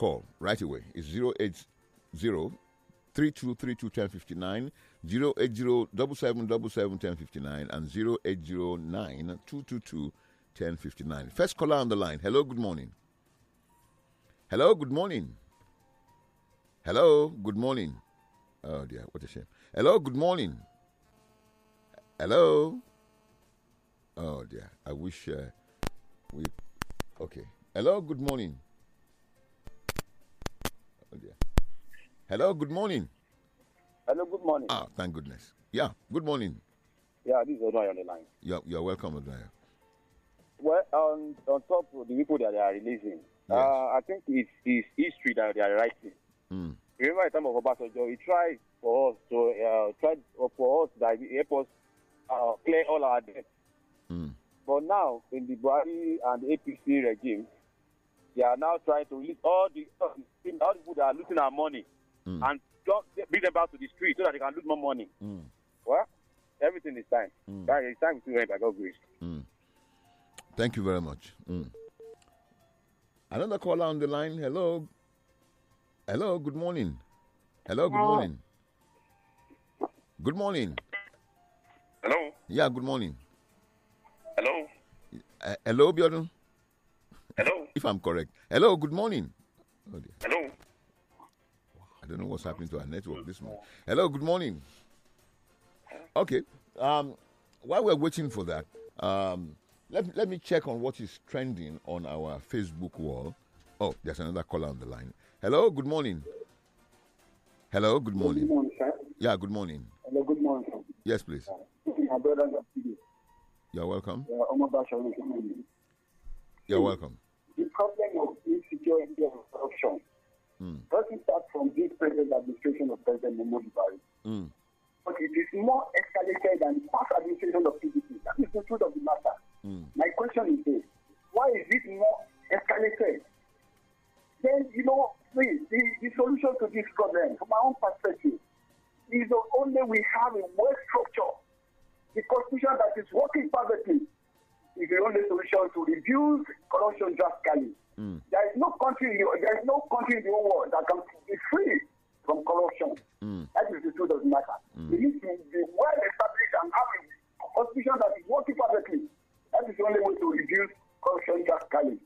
call right away. It's 080 3232 1059, and 0809 1059. First caller on the line. Hello, good morning. Hello, good morning. Hello, good morning. Oh dear, what a shame. Hello, good morning. Hello. Oh dear, I wish uh, we. Okay. Hello, good morning. Hello, good morning. Hello, good morning. Ah, thank goodness. Yeah, good morning. Yeah, this is Odoy on the line. You're, you're welcome, Odoy. Well, on, on top of the people that they are releasing, yes. uh, I think it's, it's history that they are writing. Mm. Remember the time of Obasanjo, he tried for us to uh, try for us that he help us uh, clear all our debts. Mm. But now, in the Buhari and the APC regime, they are now trying to release all the, all the people that are losing our money mm. and just bring them back to the street so that they can lose more money. Mm. Well, everything is time. Mm. That is time to rent by God's grace. Mm. Thank you very much. Mm. Another caller on the line. Hello. Hello, good morning. Hello, good morning. Good morning. Hello. Yeah, good morning. Hello. Uh, hello, Bjorn. Hello. if I'm correct. Hello, good morning. Oh Hello don't know what's happening to our network this morning. Hello, good morning. Okay. Um, while we're waiting for that, um, let, let me check on what is trending on our Facebook wall. Oh, there's another caller on the line. Hello, good morning. Hello, good morning. Good morning, sir. Yeah, good morning. Hello, good morning, sir. Yes, please. Uh, You're welcome. You're welcome. The problem of insecurity and corruption Mm. does start from this present administration of President Muhammadu Buhari. Mm. But it is more escalated than past administration of PDP. That is the truth of the matter. Mm. My question is this: Why is it more escalated? Then you know, please, the, the solution to this problem, from my own perspective, is that only we have a well structure, the constitution that is working perfectly, is the only solution to reduce corruption drastically. Mm. There is no country in the, there is no country in the whole world that can be free from corruption. Mm. That is the truth of the matter. Mm. We need to be well established and have a constitution that is working perfectly. That is the only way to reduce corruption drastically.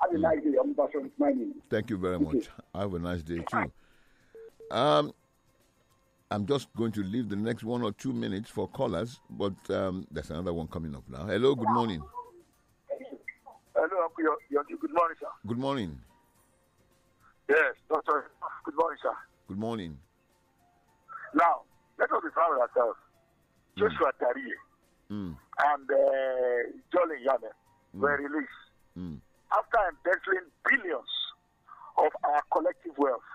Have a mm. nice day. I'm Pastor Ismail. Thank you very much. Have a nice day too. Um, I'm just going to leave the next one or two minutes for callers, but um, there's another one coming up now. Hello, good morning good morning, sir. Good morning. Yes, Doctor. Good morning, sir. Good morning. Now, let us be proud of ourselves. Mm. Joshua Darie mm. and uh, Jolly Yame mm. were released mm. after embezzling billions of our collective wealth.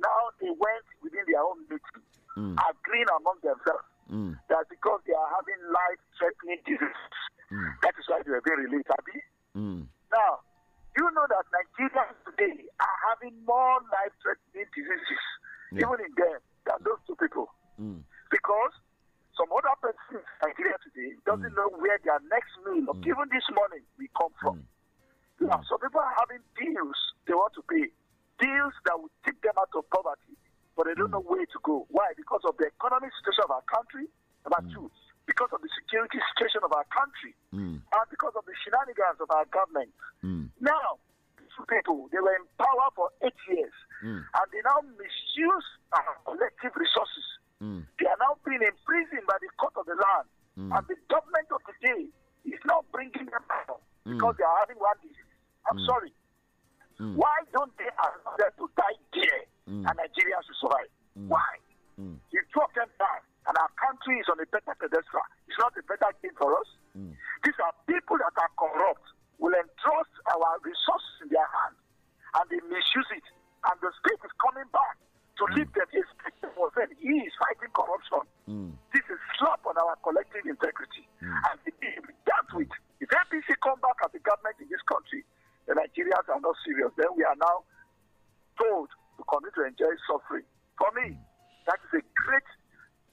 Now they went within their own meeting, mm. agreeing among themselves mm. that because they are having life-threatening diseases, that is why they were being released. Abi? Now, you know that Nigerians today are having more life threatening diseases, yeah. even in them, than those two people. Mm. Because some other person in Nigeria today doesn't mm. know where their next meal, mm. even this morning, will come from. Mm. Now, mm. some people are having deals; they want to pay, deals that will take them out of poverty, but they don't mm. know where to go. Why? Because of the economic situation of our country. Number mm. two, because of the security situation of our country mm. and because of the shenanigans of our government. Mm. Now, these people, they were in power for eight years mm. and they now misuse our collective resources. Hmm. They are now being imprisoned by the court of the land. Hmm. And the government of today is not bringing them out hmm. because they are having one disease. I'm sorry. Why don't they allow them to die there and Nigerians to survive? Why? You talk them down and our country is on a better pedestal. It's not a better thing for us. Mm. These are people that are corrupt, will entrust our resources in their hands, and they misuse it. And the state is coming back to mm. leave them. He's for them. He is fighting corruption. Mm. This is slap on our collective integrity. Hmm. And if dealt with, If APC come back as a government in this country, the Nigerians are not serious. Then we are now told to continue to enjoy suffering. For me, hmm. that is a great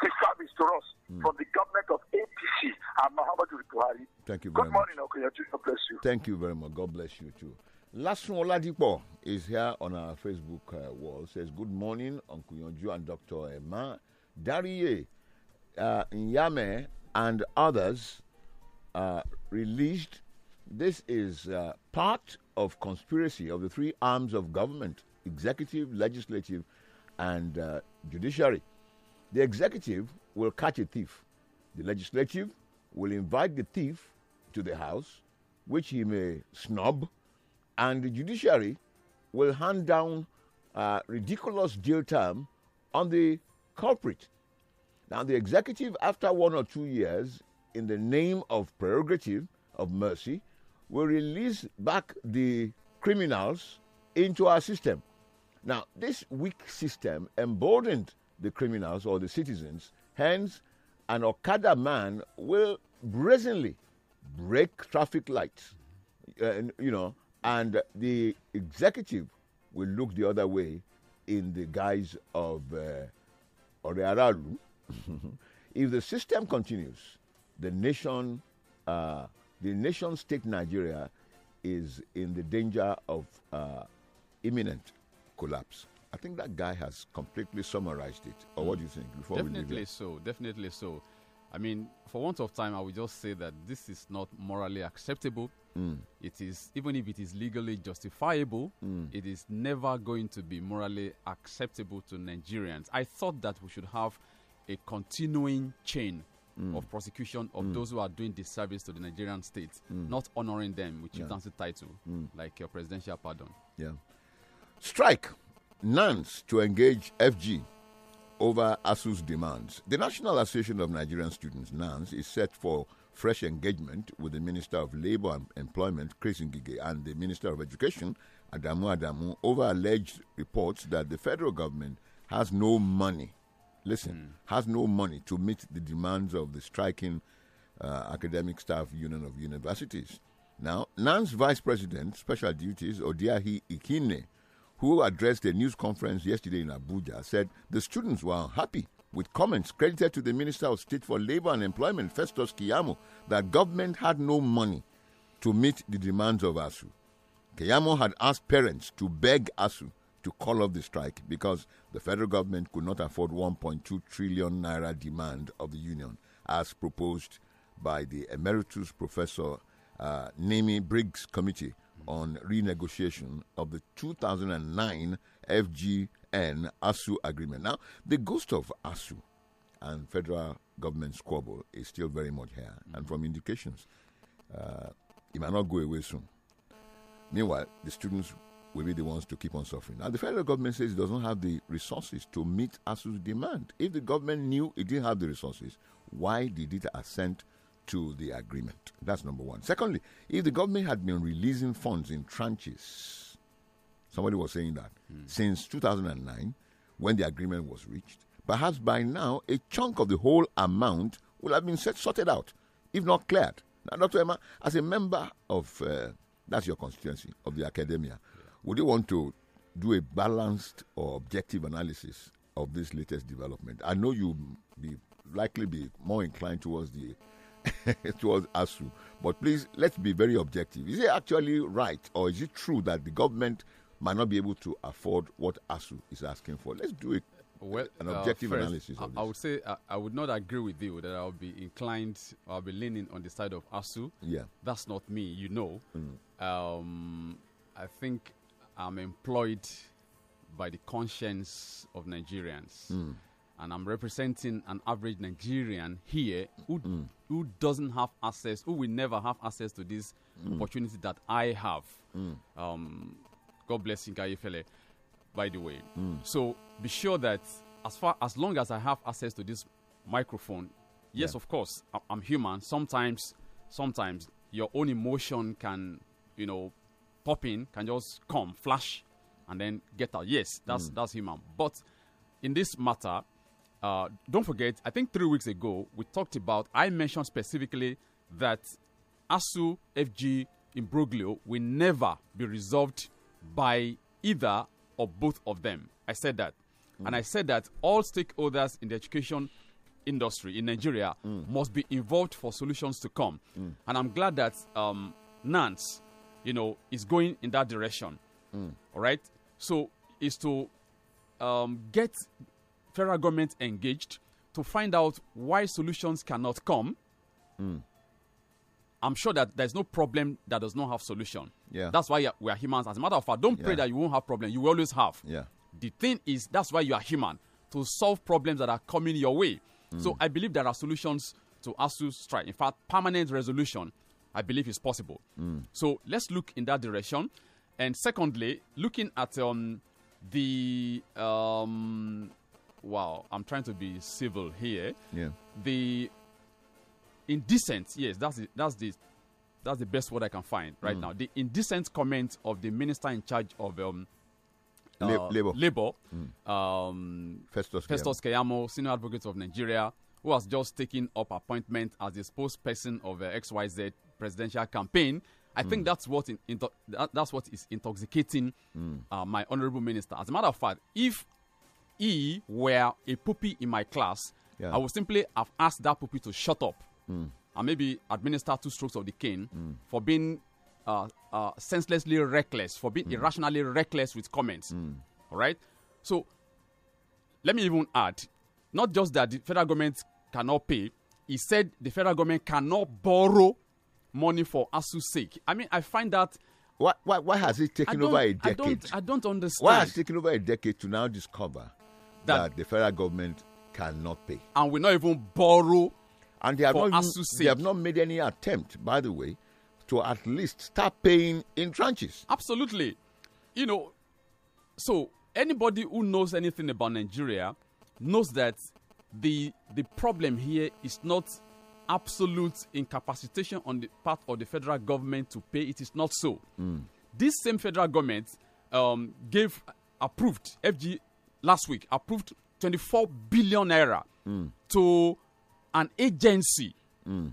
the service to us mm. from the government of APC and Muhammadu Buhari. Thank you very Good much. Good morning, Okoyetu. God bless you. Thank you very much. God bless you too. Last Lasun Oladipo is here on our Facebook uh, wall. Says, Good morning, Uncle Yonju and Dr. Emma, Darie, uh, Nyame, and others uh, released. This is uh, part of conspiracy of the three arms of government executive, legislative, and uh, judiciary. The executive will catch a thief. The legislative will invite the thief to the House, which he may snub, and the judiciary will hand down a ridiculous jail term on the culprit. Now, the executive, after one or two years, in the name of prerogative of mercy, will release back the criminals into our system. Now, this weak system emboldened the criminals or the citizens. Hence, an Okada man will brazenly break traffic lights, uh, you know, and the executive will look the other way in the guise of uh, Orearalu. if the system continues, the nation, uh, the nation state Nigeria is in the danger of uh, imminent collapse. I think that guy has completely summarized it. Or what do you think? Before definitely so, definitely so. I mean, for want of time, I will just say that this is not morally acceptable. Mm. It is, even if it is legally justifiable, mm. it is never going to be morally acceptable to Nigerians. I thought that we should have a continuing chain mm. of prosecution of mm. those who are doing disservice to the Nigerian state, mm. not honoring them with chieftaincy yeah. title, mm. like your presidential pardon. Yeah. Strike. NANS to engage FG over ASU's demands. The National Association of Nigerian Students, NANS, is set for fresh engagement with the Minister of Labour and Employment, Chris Ngige, and the Minister of Education, Adamu Adamu, over alleged reports that the federal government has no money, listen, mm. has no money to meet the demands of the striking uh, Academic Staff Union of Universities. Now, NANS Vice President, Special Duties, Odiahi Ikine, who addressed a news conference yesterday in Abuja, said the students were unhappy with comments credited to the Minister of State for Labor and Employment, Festus Kiyamo, that government had no money to meet the demands of ASU. Kiyamo had asked parents to beg ASU to call off the strike because the federal government could not afford 1.2 trillion naira demand of the union, as proposed by the emeritus professor uh, Briggs Committee on renegotiation of the 2009 FGN ASU agreement. Now, the ghost of ASU and federal government squabble is still very much here, mm-hmm. and from indications, uh, it might not go away soon. Meanwhile, the students will be the ones to keep on suffering. Now, the federal government says it does not have the resources to meet ASU's demand. If the government knew it didn't have the resources, why did it assent to the agreement. That's number one. Secondly, if the government had been releasing funds in tranches, somebody was saying that mm. since 2009, when the agreement was reached, perhaps by now a chunk of the whole amount will have been set, sorted out, if not cleared. Now, Dr. Emma, as a member of uh, that's your constituency of the academia, yeah. would you want to do a balanced or objective analysis of this latest development? I know you be likely be more inclined towards the towards ASU. But please, let's be very objective. Is it actually right or is it true that the government might not be able to afford what ASU is asking for? Let's do it. Well, an uh, objective uh, first, analysis. I, I, would say I, uh, I, would not agree with you that I'll be inclined, I'll be leaning on the side of ASU. Yeah, that's not me, you know. Mm. Um, I think I'm employed by the conscience of Nigerians. Mm and I'm representing an average Nigerian here who mm who doesn't have access, who will never have access to this mm. opportunity that I have. Mm. Um, God bless you, by the way. Mm. So be sure that as far as long as I have access to this microphone, yes, yeah. of course, I, I'm human. Sometimes, sometimes your own emotion can, you know, pop in, can just come, flash, and then get out. Yes, that's hmm. that's human. But in this matter, uh, don't forget, I think three weeks ago, we talked about, I mentioned specifically that ASU, FG, imbroglio will never be resolved by either or both of them. I said that. Mm. And I said that all stakeholders in the education industry in Nigeria mm. must be involved for solutions to come. Mm. And I'm glad that um, Nance, you know, is going in that direction. Mm. All right. So is to um, get federal government engaged to find out why solutions cannot come. Mm. I'm sure that there's no problem that does not have solution. Yeah. That's why we are humans. As a matter of fact, don't yeah. pray that you won't have problem. You will always have. Yeah. The thing is, that's why you are human to solve problems that are coming your way. Mm. So I believe there are solutions to to strike. In fact, permanent resolution, I believe, is possible. Mm. So let's look in that direction. And secondly, looking at um, the um, wow, I'm trying to be civil here. Yeah. The indecent, yes, that's the, that's the that's the best word I can find right mm. now. The indecent comment of the minister in charge of um, uh, labor, labor mm. um, Festus, Festus Keyamo, senior advocate of Nigeria, who has just taken up appointment as the spokesperson of the uh, XYZ presidential campaign. I mm. think that's what in, in, that, that's what is intoxicating mm. uh, my honourable minister. As a matter of fact, if he were a puppy in my class, yeah. I would simply have asked that puppy to shut up mm. and maybe administer two strokes of the cane mm. for being uh, uh, senselessly reckless, for being mm. irrationally reckless with comments. Mm. All right? So, let me even add not just that the federal government cannot pay, he said the federal government cannot borrow money for ASU's sake. I mean, I find that. Why, why, why has it taken over a decade? I don't, I don't understand. Why has it taken over a decade to now discover that, that the federal government cannot pay. And will not even borrow and they have, not, they have not made any attempt, by the way, to at least start paying in tranches. Absolutely. You know, so anybody who knows anything about Nigeria knows that the the problem here is not absolute incapacitation on the part of the federal government to pay. It is not so. Mm. This same federal government um, gave approved FG last week approved 24 billion naira mm. to an agency mm.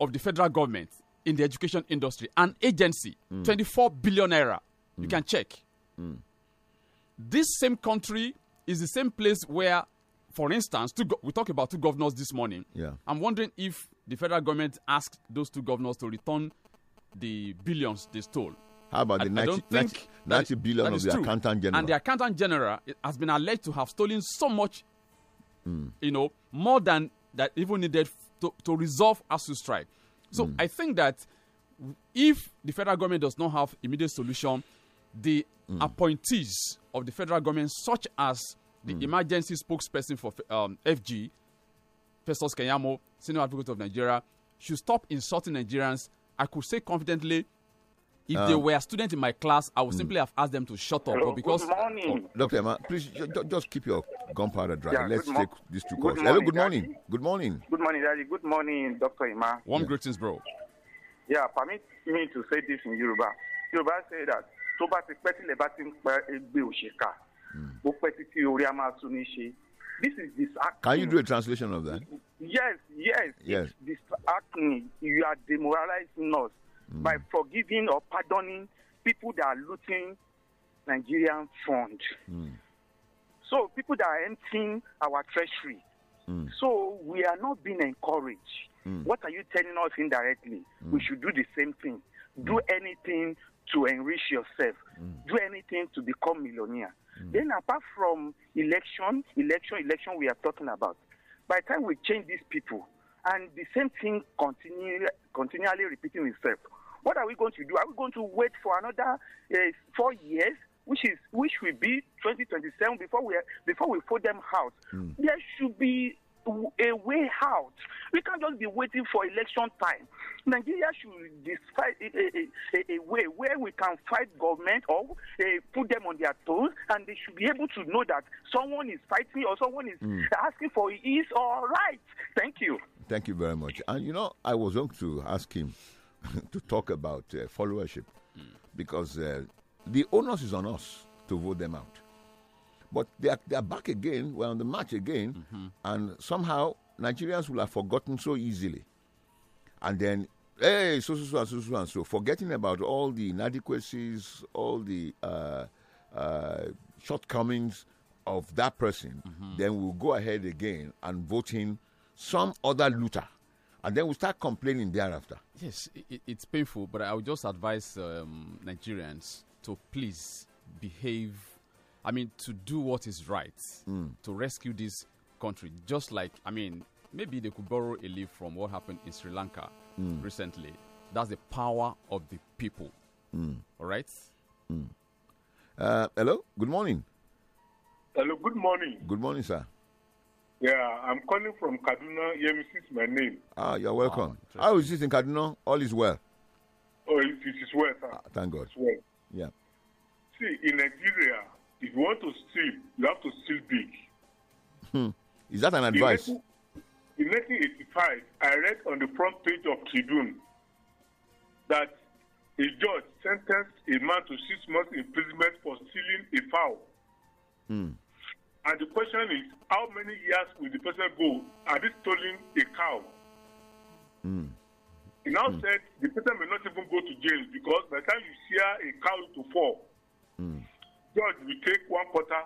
of the federal government in the education industry. An agency, mm. 24 billion naira. You mm. can check. Mm. This same country is the same place where, for instance, go- we talk about two governors this morning. Yeah. I'm wondering if the federal government asked those two governors to return the billions they stole. How about I, the 90, 90, 90 billion of the true. accountant general? And the accountant general has been alleged to have stolen so much, mm. you know, more than that even needed to, to resolve ASU strike. So mm. I think that if the federal government does not have immediate solution, the mm. appointees of the federal government, such as the hmm. emergency spokesperson for um, FG, Festus Kenyamo, senior advocate of Nigeria, should stop insulting Nigerians. I could say confidently if um, they were a student in my class, I would mm. simply have asked them to shut up. Hello, but because good morning. Oh, Dr. Emma, please just keep your gunpowder dry. Yeah, Let's take these two calls. Hello, good morning. Daddy. Good morning. Good morning, Daddy. Good morning, Dr. Emma. Warm yeah. greetings, bro. Yeah, permit me to say this in Yoruba. Yoruba say that tó bá ti pẹ́ tilẹ̀ bá ti ń hmm. pẹ́ orí a máa tún ní This is disheartening. Can you do a translation of that? Yes, yes. Yes. This disheartening. You are demoralizing us mm. by forgiving or pardoning people that are looting Nigerian fund. Mm. So people that are emptying our treasury. Mm. So we are not being encouraged. Hmm. What are you telling us indirectly? Hmm. We should do the same thing. Do hmm. anything to enrich yourself. Do anything to become millionaire. Then apart from election, election, election we are talking about. By the time we change these people, and the same thing continue, continually repeating itself. What are we going to do? Are we going to wait for another uh, four years, which is which will be 2027 before we before we fold them out? Mm. There should be a way out. We can't just be waiting for election time. Nigeria should decide eh, eh, a, a, a way where we can fight government or uh, put them on their toes, and they should be able to know that someone is fighting or someone is mm. asking for ease or rights. Thank you. Thank you very much. And you know, I was going to ask him to talk about uh, followership mm. because uh, the onus is on us to vote them out. But they are, they are back again, we're on the march again, mm -hmm. and somehow Nigerians will have forgotten so easily. And then, hey, so, so, so, so, so, and so, forgetting about all the inadequacies, all the uh, uh shortcomings of that person, mm -hmm. then we'll go ahead again and vote in some other looter and then we start complaining thereafter. Yes, it, it's painful, but I would just advise um, Nigerians to please behave. I mean, to do what is right mm. to rescue this country. Just like, I mean, maybe they could borrow a leaf from what happened in Sri Lanka mm. recently. That's the power of the people. Mm. All right? Hmm. Uh, hello, good morning. Hello, good morning. Good morning, sir. Yeah, I'm calling from Kaduna. Yemisi is my name. Ah, you're welcome. Ah, How is it in Kaduna? All is well. Oh, it, it is well, sir. Ah, thank God. It's well. Yeah. See, in Nigeria, if you want to steal, you have to steal big. Hmm. Is that an advice? In, in 1985, I read on the front page of Tribune that a judge sentenced a man to six months imprisonment for stealing a fowl. Hmm. And the question is, how many years will the person go Are they stealing a cow? Mm. He now mm. said the person may not even go to jail because by the time you see a cow to fall, mm. judge will take one quarter,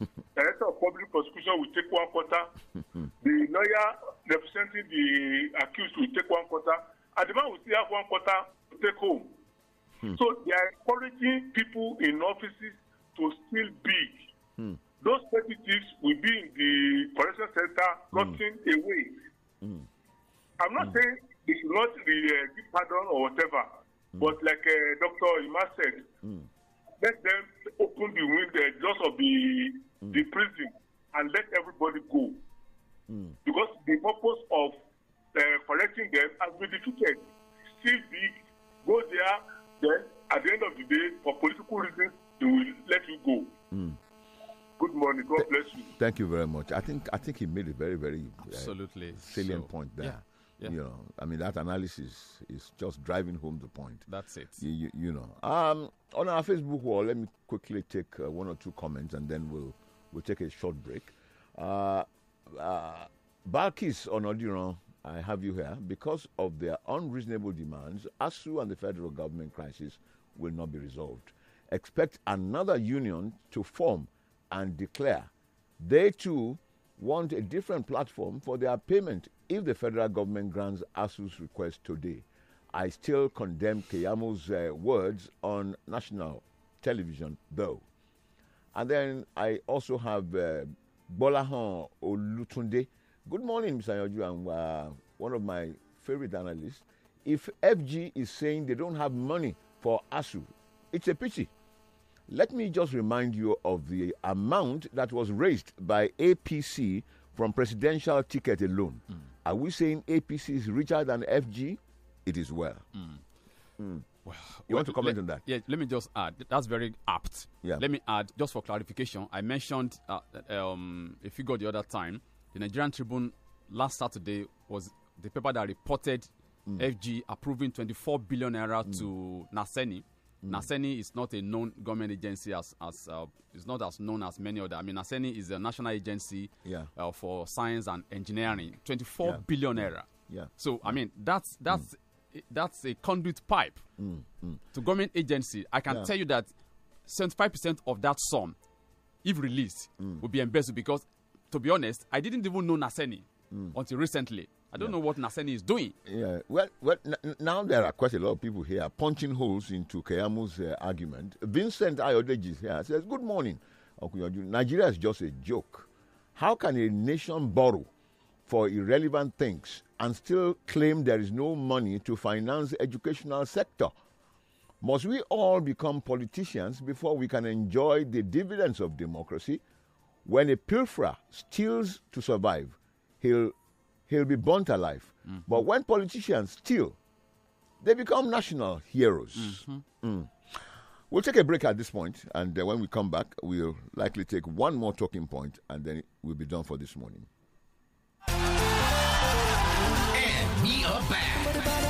The director of public prosecution will take one quarter, hmm. the lawyer representing the accused will take one quarter, and the man will still have one quarter to take home. Mm. So they are encouraging people in offices to still big. Mm those petty thieves will be in the correction center gotten mm. away. Mm. I'm not mm. saying they should not be, uh, give pardon or whatever, mm. but like uh, Dr. Ima said, mm. let them open the window uh, just of the, mm. the prison and let everybody go. Because the purpose of uh, collecting them has been defeated. Still big, go there, then at the end of the day, for political reasons, they will let you go. Good morning. God Th bless you. Thank you very much. I think I think he made a very very uh, absolutely uh, salient so, point there. Yeah. Yeah. You know, I mean that analysis is just driving home the point. That's it. You, you, you know, um, on our Facebook wall, let me quickly take uh, one or two comments, and then we'll we'll take a short break. Uh, uh, Balkis Onodiran, I have you here because of their unreasonable demands. ASU and the federal government crisis will not be resolved. Expect another union to form and declare. They too want a different platform for their payment if the federal government grants ASU's request today. I still condemn Kiyamo's uh, words on national television, though. And then I also have uh, Bolahan Olutunde. Good morning, Mr. Yoju. and uh, one of my favorite analysts. If FG is saying they don't have money for ASU, it's a pity. Let me just remind you of the amount that was raised by APC from presidential ticket alone. Mm. Are we saying APC is richer than FG? It is well. Mm. Mm. Well, you want to comment let, on that? Yeah, let me just add. That's very apt. Yeah. Let me add, just for clarification, I mentioned uh, um, a figure the other time. The Nigerian Tribune last Saturday was the paper that reported mm. FG approving 24 billion naira mm. to Naseni Mm. NASENI is not a known government agency as as uh, it's not as known as many other. I mean, NASENI is a national agency yeah. uh, for science and engineering, Twenty four yeah. billion era. Yeah. So I mean, that's mm. that's mm. that's a conduit pipe mm. mm. to government agency. I can yeah. tell you that seventy five percent of that sum, if released, mm. will be embezzled because, to be honest, I didn't even know NASENI until recently. I don't yeah. know what Naseni is doing. Yeah, well, well now there are quite a lot of people here punching holes into Kayamu's uh, argument. Vincent Ayodeji is here. says, Good morning. Nigeria is just a joke. How can a nation borrow for irrelevant things and still claim there is no money to finance the educational sector? Must we all become politicians before we can enjoy the dividends of democracy? When a pilferer steals to survive, he'll he'll be burnt alive. Mm. But when politicians steal, they become national heroes. Mm-hmm. Mm -hmm. We'll take a break at this point, and uh, when we come back, we'll likely take one more talking point, and then we'll be done for this morning. And we are back.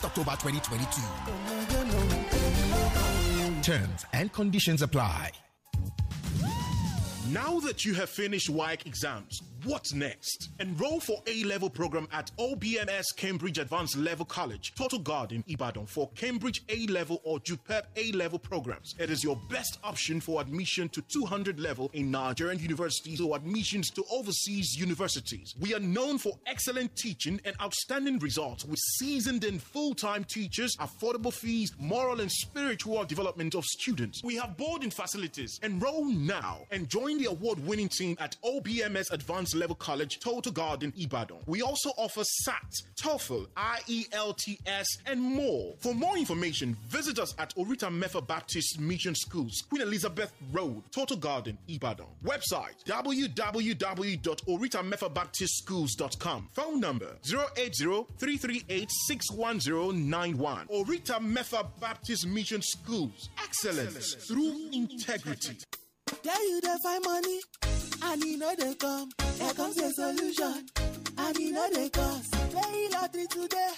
1st October 2022. Terms and conditions apply. Now that you have finished WIC exams, What's next? Enroll for A-level program at OBMS Cambridge Advanced Level College, Total Garden, Ibadan for Cambridge A-level or JUPEP A-level programs. It is your best option for admission to 200 level in Nigerian universities or admissions to overseas universities. We are known for excellent teaching and outstanding results with seasoned and full-time teachers, affordable fees, moral and spiritual development of students. We have boarding facilities. Enroll now and join the award-winning team at OBMS Advanced level college, Total Garden, Ibadan. We also offer SAT, TOEFL, IELTS, and more. For more information, visit us at Orita Mefa Baptist Mission Schools, Queen Elizabeth Road, Total Garden, Ibadan. Website www.oritamefabaptistschools.com. Phone number 80 Orita Mefa Baptist Mission Schools. Excellence, Excellence. through integrity. There you find money and e no dey come here comes a solution and e no dey cost play lottery today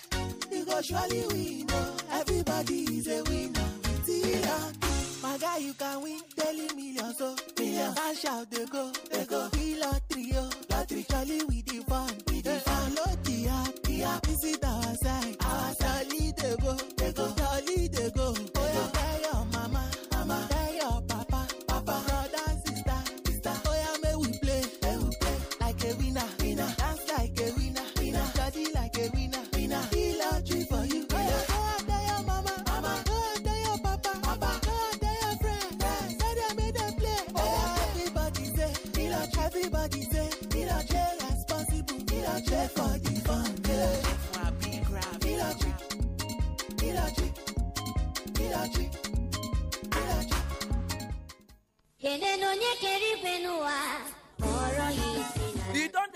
you go surely win oh everybody is a winner with e my guy you can win daily millions oh millions cash out dey go They go be lottery oh lottery surely we the fun we dey fun download the app the app visit our site our surely dey go dey go surely dey go. kedu na onye kere igwe n'ụwa kpọrọ ya isi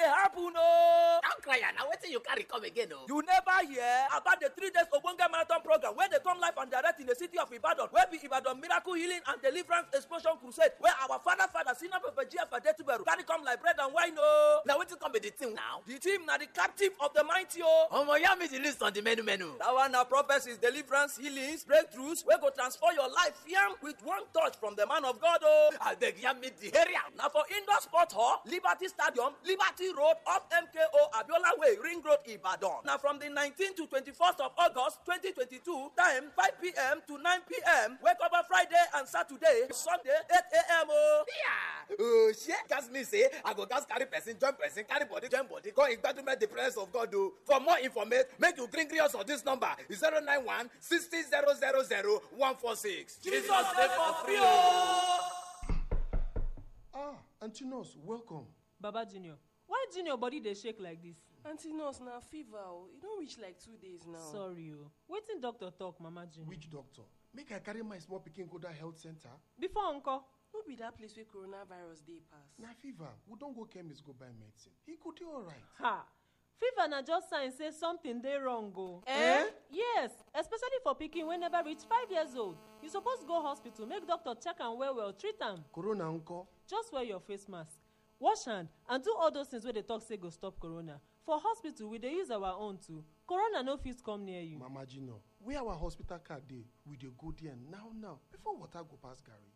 dey happen o. Oh. don cry na wetin you carry come again o. Oh. you never hear about the three days ogbonge marathon program wey dey come live and direct in the city of ibadan wey be ibadan miracle healing and deliverance explosion crusade wey our father father senior prophet gfa detuberu carry come like bread and wine o. na wetin come be the team now. the team na the captive of the mighty o. Oh. omo yarn me the list on the menu menu. that one na prophesies deliverance healings breakthroughs wey go transform your life yam with one touch from the man of god o. abeg yarn me the area. na for indoor sport hall liberty stadium liberty Lekki Road off MKO Abiola Way, Ring Road, Ibadan. Now from the 19 to twenty first of August twenty twenty two, time five p.m. to nine p.m. Wake up on Friday and Saturday, Sunday eight a.m. Oh. Yeah. Oh, shit. Gas me say, I go gas carry person, join person, carry body, join body. Go ingbadumẹ the presence of God o. Oh. For more information, make you green us on this number zero zero zero nine one zero one four six. Jesus dey for free o. Oh. Oh. Ah, Antinous, welcome. Baba Junior. why do you know body they shake like this. Auntie nurse now fever don't reach like two days now. sorry o wetin doctor talk mama junior. which doctor make i carry my small picking go that health center. before uncle. no be that place with coronavirus day pass. na fever we don't go chemist go buy medicine he could do alright. ha fever na just sign say something they wrong go. Eh? eh? yes especially for picking when never reach five years old you suppose go hospital make doctor check and well well treat them. corona uncle. just wear your face mask wash hand and do all those things wey dey talk say go stop corona for hospital we dey use our own too corona no fit come near you. mama gina where our hospital card dey we dey go there now now before water go pass garri.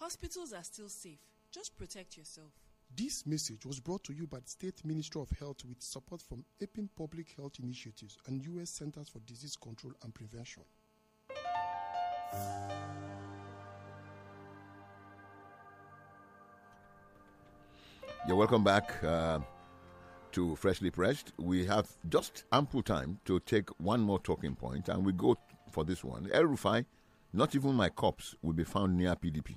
hospitals are still safe just protect yourself. This message was brought to you by the State Ministry of Health with support from APIN e Public Health Initiatives and U.S. Centers for Disease Control and Prevention. You're welcome back uh, to Freshly Pressed. We have just ample time to take one more talking point, and we go for this one. El Rufai, not even my cops will be found near PDP.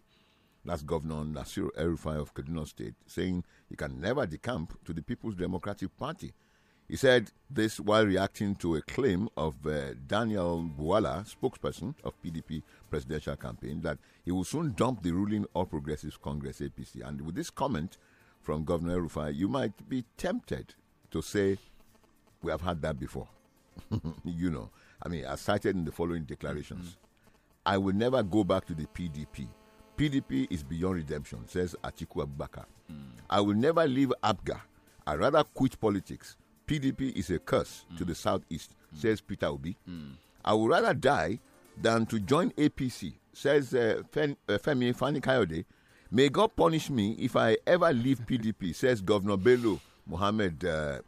That's Governor Nasir El Rufai of Kaduna State, saying he can never decamp to the People's Democratic Party. He said this while reacting to a claim of uh, Daniel Buala, spokesperson of PDP presidential campaign, that he will soon dump the ruling All Progressives Congress APC. And with this comment, from Governor Rufai, you might be tempted to say, We have had that before. you know, I mean, I cited in the following declarations mm -hmm. I will never go back to the PDP. PDP is beyond redemption, says Atiku Abubakar. Mm. I will never leave ABGA. I rather quit politics. PDP is a curse mm. to the mm. southeast, mm. says Peter Obi. Mm. I would rather die than to join APC, says uh, Fen- uh, Femi Fani Kayode, May God punish me if I ever leave PDP, says Governor Bello Mohammed uh,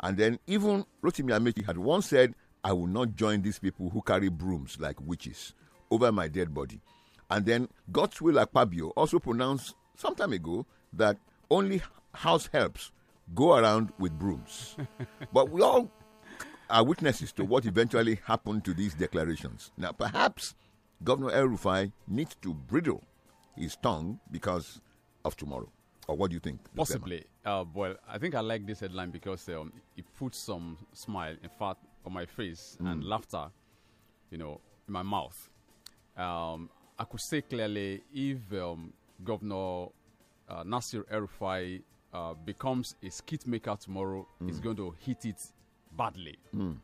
And then even Rotimi Amechi had once said, I will not join these people who carry brooms like witches over my dead body. And then Godswill Akpabio also pronounced some time ago that only house helps go around with brooms. but we all are witnesses to what eventually happened to these declarations. Now, perhaps Governor El Rufai needs to bridle his tongue because of tomorrow. Or what do you think? Possibly. Uh, well, I think I like this headline because um, it puts some smile, in fact, on my face mm. and laughter, you know, in my mouth. Um, I could say clearly if um, Governor uh, Nasir Erufai uh, becomes a skit maker tomorrow, mm. he's going to hit it badly. Mm.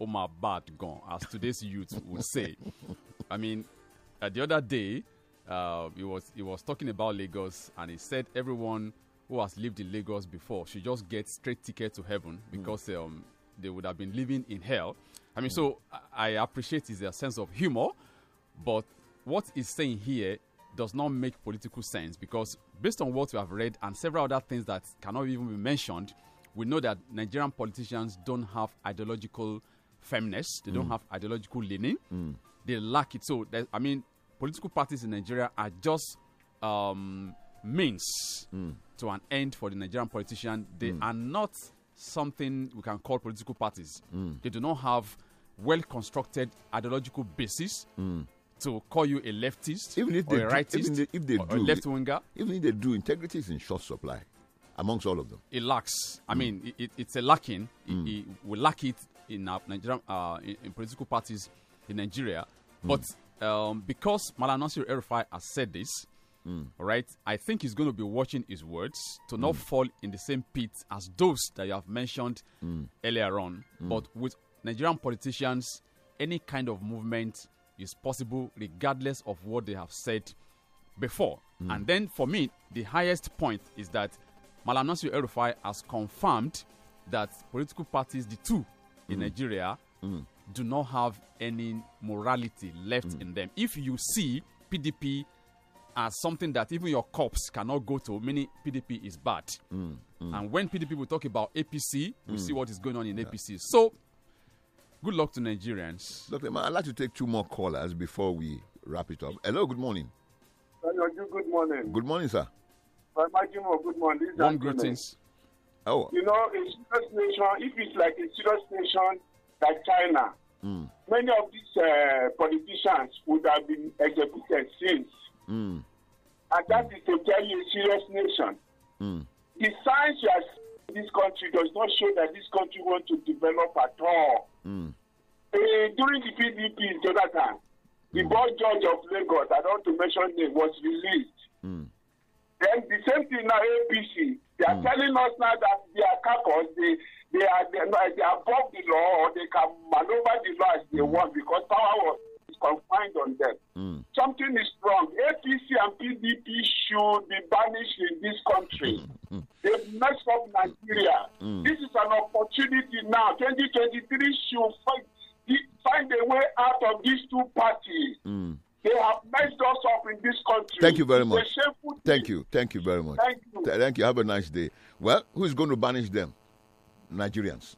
Oh, my bad gone, as today's youth would say. I mean, uh, the other day, uh, he was he was talking about Lagos, and he said everyone who has lived in Lagos before should just get straight ticket to heaven mm. because mm. um, they would have been living in hell. I mean, mm. so I appreciate his uh, sense of humor, but what he's saying here does not make political sense because based on what we have read and several other things that cannot even be mentioned, we know that Nigerian politicians don't have ideological firmness. They mm. don't have ideological leaning. Mm. They lack it. So, I mean, political parties in Nigeria are just um, means mm. to an end for the Nigerian politician. They mm. are not something we can call political parties. Mm. They do not have well constructed ideological basis hmm. to call you a leftist even if they a rightist do, even if they, do, left winger. Even if they do, integrity is in short supply amongst all of them. It lacks. I mm. mean, it, it's a lacking. Mm. It, hmm. it, we lack it in our Nigerian uh, in, in, political parties in Nigeria, hmm. but um, because Malam Nasir Erifai has said this, mm. all right, I think he's going to be watching his words to not mm. fall in the same pit as those that you have mentioned mm. earlier on. Hmm. But with Nigerian politicians, any kind of movement is possible regardless of what they have said before. Hmm. And then for me, the highest point is that Malam Nasir Erifai has confirmed that political parties, the two in hmm. Nigeria, do not have any morality left mm. in them. If you see PDP as something that even your cops cannot go to, meaning PDP is bad. Mm. Mm. And when PDP will talk about APC, we mm. see what is going on in yeah. APC. So, good luck to Nigerians. Dr. I'd like to take two more callers before we wrap it up. Hello, good morning. good morning. Good morning, sir. Good morning. Warm greetings. Oh. You know, a serious nation, if it's like a serious nation, like China. Mm. Many of these uh, politicians would have been executed since. Mm. And that is to tell you, serious nation. Mm. The signs you are seeing in this country does not show that this country wants to develop at all. Uh, during the PDP, Jonathan, the hmm. board judge of Lagos, I don't want to mention name, was released. Hmm. Then the same thing now, APC. They are mm. telling us now that they are capos, they, they, are, they, they are above the law or they can maneuver the law as they mm. want because power was confined on them. Mm. Something is wrong. APC and PDP should be banished in this country. Hmm. They've messed up Nigeria. Mm. This is an opportunity now. 2023 should find, find a way out of these two parties. Hmm. They have messed us up in this country. Thank you very much. Thank you. Thank you very much. Thank you. Thank you. Have a nice day. Well, who's going to banish them? Nigerians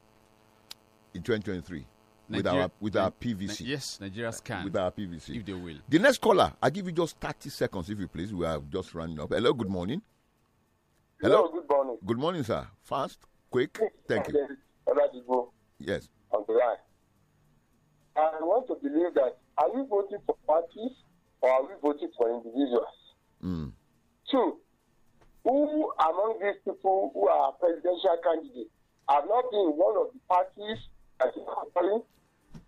in 2023 with our with our PVC. Yes, Nigerians can with our PVC if they will. The next caller, I give you just 30 seconds, if you please. We are just running up. Hello, good morning. Hello, Hello good morning. Good morning, sir. Fast, quick. Thank you. Yes. On the line. I want to believe that are we voting for parties or are we voting for individuals? Mm. Two, who among these people who are presidential candidates are not in one of the parties that is calling?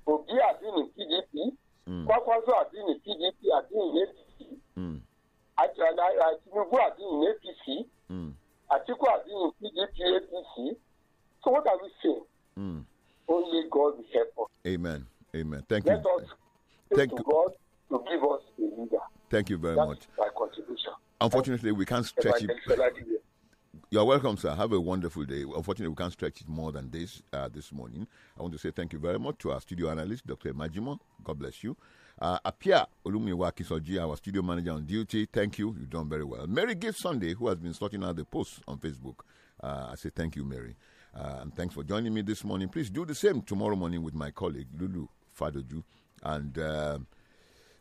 Obi has been in PDP, mm. has been in PDP, has been in APC, mm. Uh, Tinubu has been in APC, hmm. Atiku has been in PDP, APC. So what are we saying? Mm. Only God will help us. Amen. Amen. Thank Let you. Us Thank you. God to give us a leader. Thank you very That's much. My contribution. Unfortunately, we can't stretch it. You're welcome, sir. Have a wonderful day. Unfortunately, we can't stretch it more than this uh, this morning. I want to say thank you very much to our studio analyst, Dr. Majimo. God bless you. Uh, Apia Olumiwa Kisoji, our studio manager on duty, thank you. You've done very well. Mary Gift Sunday, who has been sorting out the posts on Facebook, uh, I say thank you, Mary. Uh, and thanks for joining me this morning. Please do the same tomorrow morning with my colleague, Lulu Fadoju. And uh,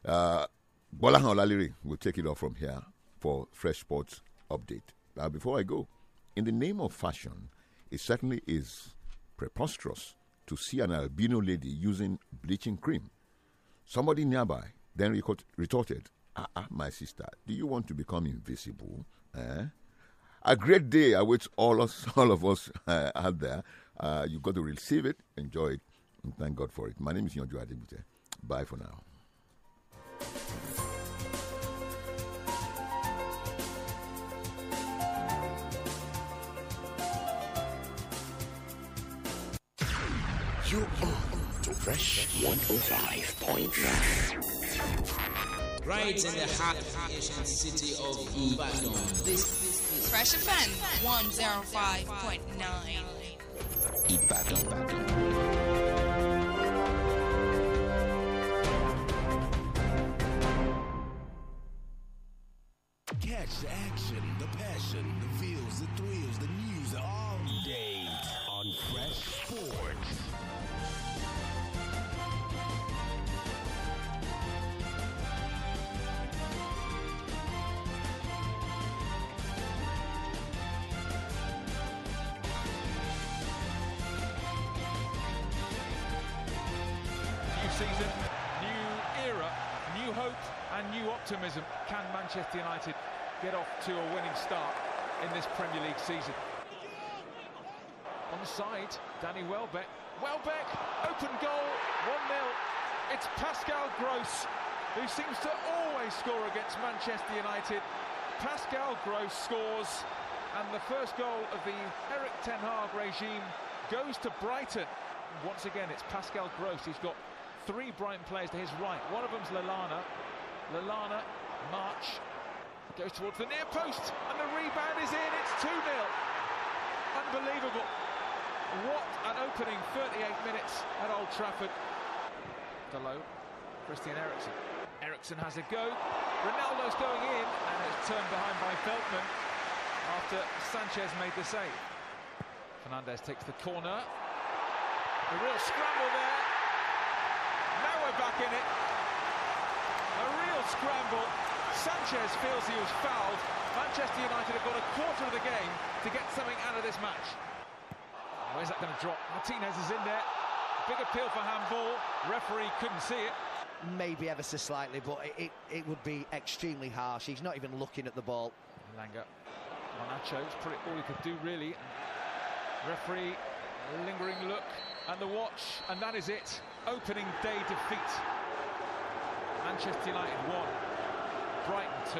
uh, Bola Olaliri will take it off from here for Fresh Sports Update. Now, before I go, in the name of fashion, it certainly is preposterous to see an albino lady using bleaching cream. Somebody nearby then retorted, Ah, ah my sister, do you want to become invisible? Eh? A great day awaits all, us, all of us uh, out there. Uh, you've got to receive it, enjoy it, and thank God for it. My name is Yonjo Adibute. Bye for now. You're on to Fresh 105.9. Right in the heart of the ancient city of Ibadan. This is Fresh Offense 105.9. Ibadan. Ibadan. Manchester United get off to a winning start in this Premier League season. Onside, Danny Welbeck. Welbeck, open goal, 1-0. It's Pascal Gross, who seems to always score against Manchester United. Pascal Gross scores, and the first goal of the Eric Ten Hag regime goes to Brighton. Once again, it's Pascal Gross. He's got three Brighton players to his right. One of them's Lalana. Lalana March goes towards the near post, and the rebound is in. It's 2 0. Unbelievable. What an opening 38 minutes at Old Trafford. Below Christian Eriksen. Eriksen has a go. Ronaldo's going in, and it's turned behind by Feltman after Sanchez made the save. Fernandez takes the corner. A real scramble there. Now we're back in it. A real scramble. Sanchez feels he was fouled. Manchester United have got a quarter of the game to get something out of this match. Where's that going to drop? Martinez is in there. Big appeal for handball. Referee couldn't see it. Maybe ever so slightly, but it, it, it would be extremely harsh. He's not even looking at the ball. Langer. Monacho, it's pretty all he could do, really. Referee, lingering look, and the watch, and that is it. Opening day defeat. Manchester United won. Brighton too.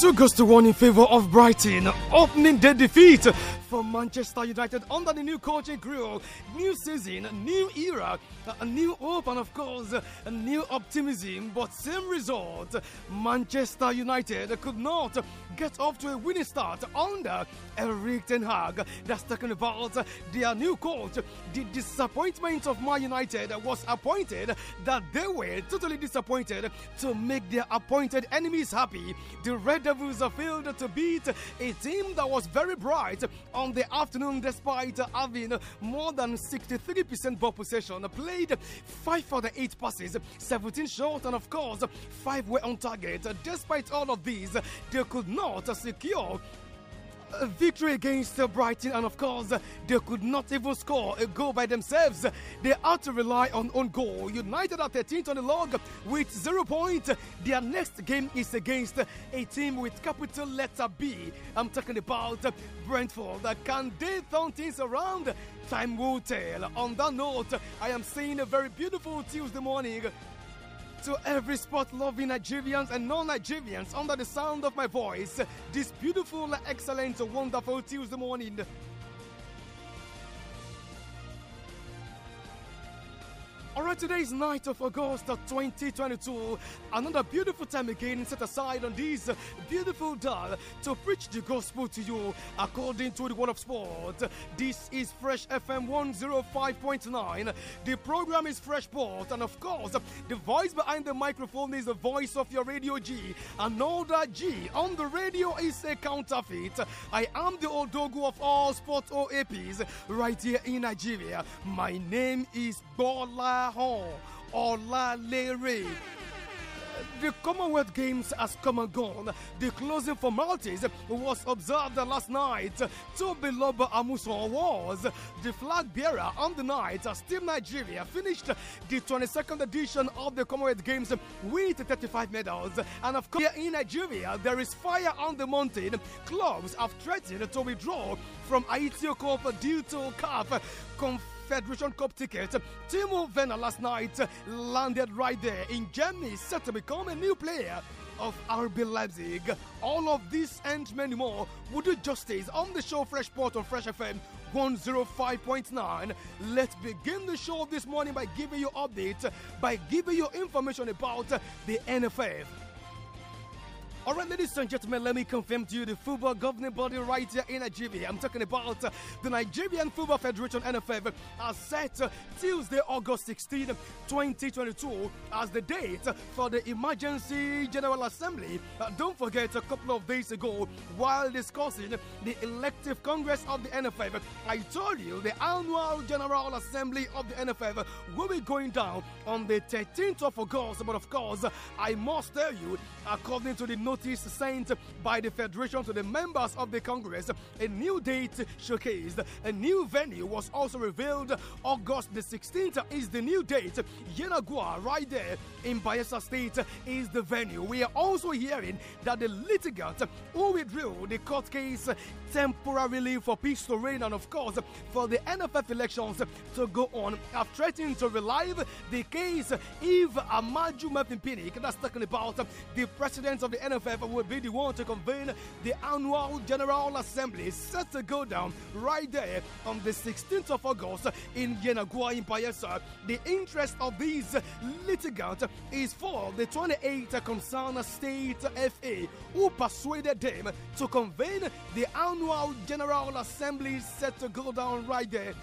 Two goes to one in favour of Brighton, opening their defeat for Manchester United under the new coaching crew. New season, new era, a new hope, and of course, a new optimism. But same result Manchester United could not get off to a winning start under Eric Ten Hag. That's talking about their new coach. The disappointment of Man United was appointed that they were totally disappointed to make their appointed enemies happy. The Red Devils failed to beat a team that was very bright on the afternoon despite having more than 63% ball possession. Played 5 for the 8 passes, 17 short, and of course, 5 were on target. Despite all of these, they could not secure a victory against Brighton, and of course, they could not even score a goal by themselves. They had to rely on own goal. United are 13th on the log with zero points. Their next game is against a team with capital letter B. I'm talking about Brentford. Can they turn things around? Time will tell. On that note, I am seeing a very beautiful Tuesday morning to every sport loving Nigerians and non Nigerians under the sound of my voice this beautiful, excellent, wonderful Tuesday morning. Alright, today's night of August 2022. Another beautiful time again set aside on this beautiful day to preach the gospel to you according to the word of sport. This is Fresh FM 105.9. The program is Fresh Sport, and of course, the voice behind the microphone is the voice of your radio G. Another G on the radio is a counterfeit. I am the old Odogu of all sports OAPs right here in Nigeria. My name is Bola Caron, Ola Lere. The Commonwealth Games has come and gone. The closing formalities was observed last night. Tobiloba Amuson was the flag bearer on the night as Team Nigeria finished the 22nd edition of the Commonwealth Games with 35 medals. And of course, in Nigeria, there is fire on the mountain. Clubs have threatened to withdraw from Aitio Cup due to CAF Federation Cup ticket. Timo Werner last night landed right there in Germany, set to become a new player of RB Leipzig. All of this and many more will do justice on the show Fresh Port on Fresh FM 105.9. Let's begin the show this morning by giving you updates, by giving you information about the NFF. All right, ladies and gentlemen, let me confirm to you the football governing body right here in Nigeria. I'm talking about uh, the Nigerian Football Federation, NFF, has set uh, Tuesday, August 16, 2022, as the date for the Emergency General Assembly. Uh, don't forget, a couple of days ago, while discussing the elective Congress of the NFF, I told you the annual General Assembly of the NFF will be going down on the 13th of August. But of course, I must tell you, according to the notice sent by the Federation to the members of the Congress, a new date showcased. A new venue was also revealed. August the 16th is the new date. Yenagua, right there in Bayelsa State, is the venue. We are also hearing that the litigant who withdrew the court case temporarily for peace to reign and, of course, for the NFF elections to go on, have threatened to relive the case if Amaju Mepimpinik, that's talking about the president of the NFF NFF will be the one to convene the annual General Assembly set to go down right there on the 16th of August in Yenagua Empire, sir. The interest of these litigants is for the 28 concerned state FA who persuaded them to convene the annual General Assembly set to go down right there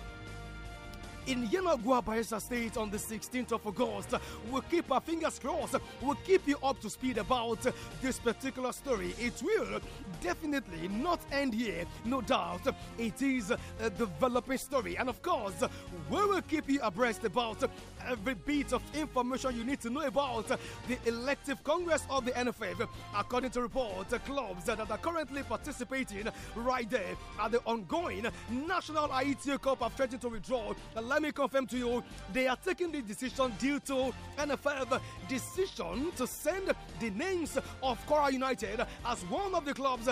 in Yenagua Bayelsa State on the 16th of August. We'll keep our fingers crossed. We'll keep you up to speed about this particular story. It will definitely not end here, no doubt. It is uh, a developing story, and of course, we will keep you abreast about every bit of information you need to know about the elective Congress of the NFF. According to reports, clubs that are currently participating right there at the ongoing National IETO Cup have threatened to withdraw. Let me confirm to you, they are taking the decision due to NFF decision to send the names of Cora United as one of the clubs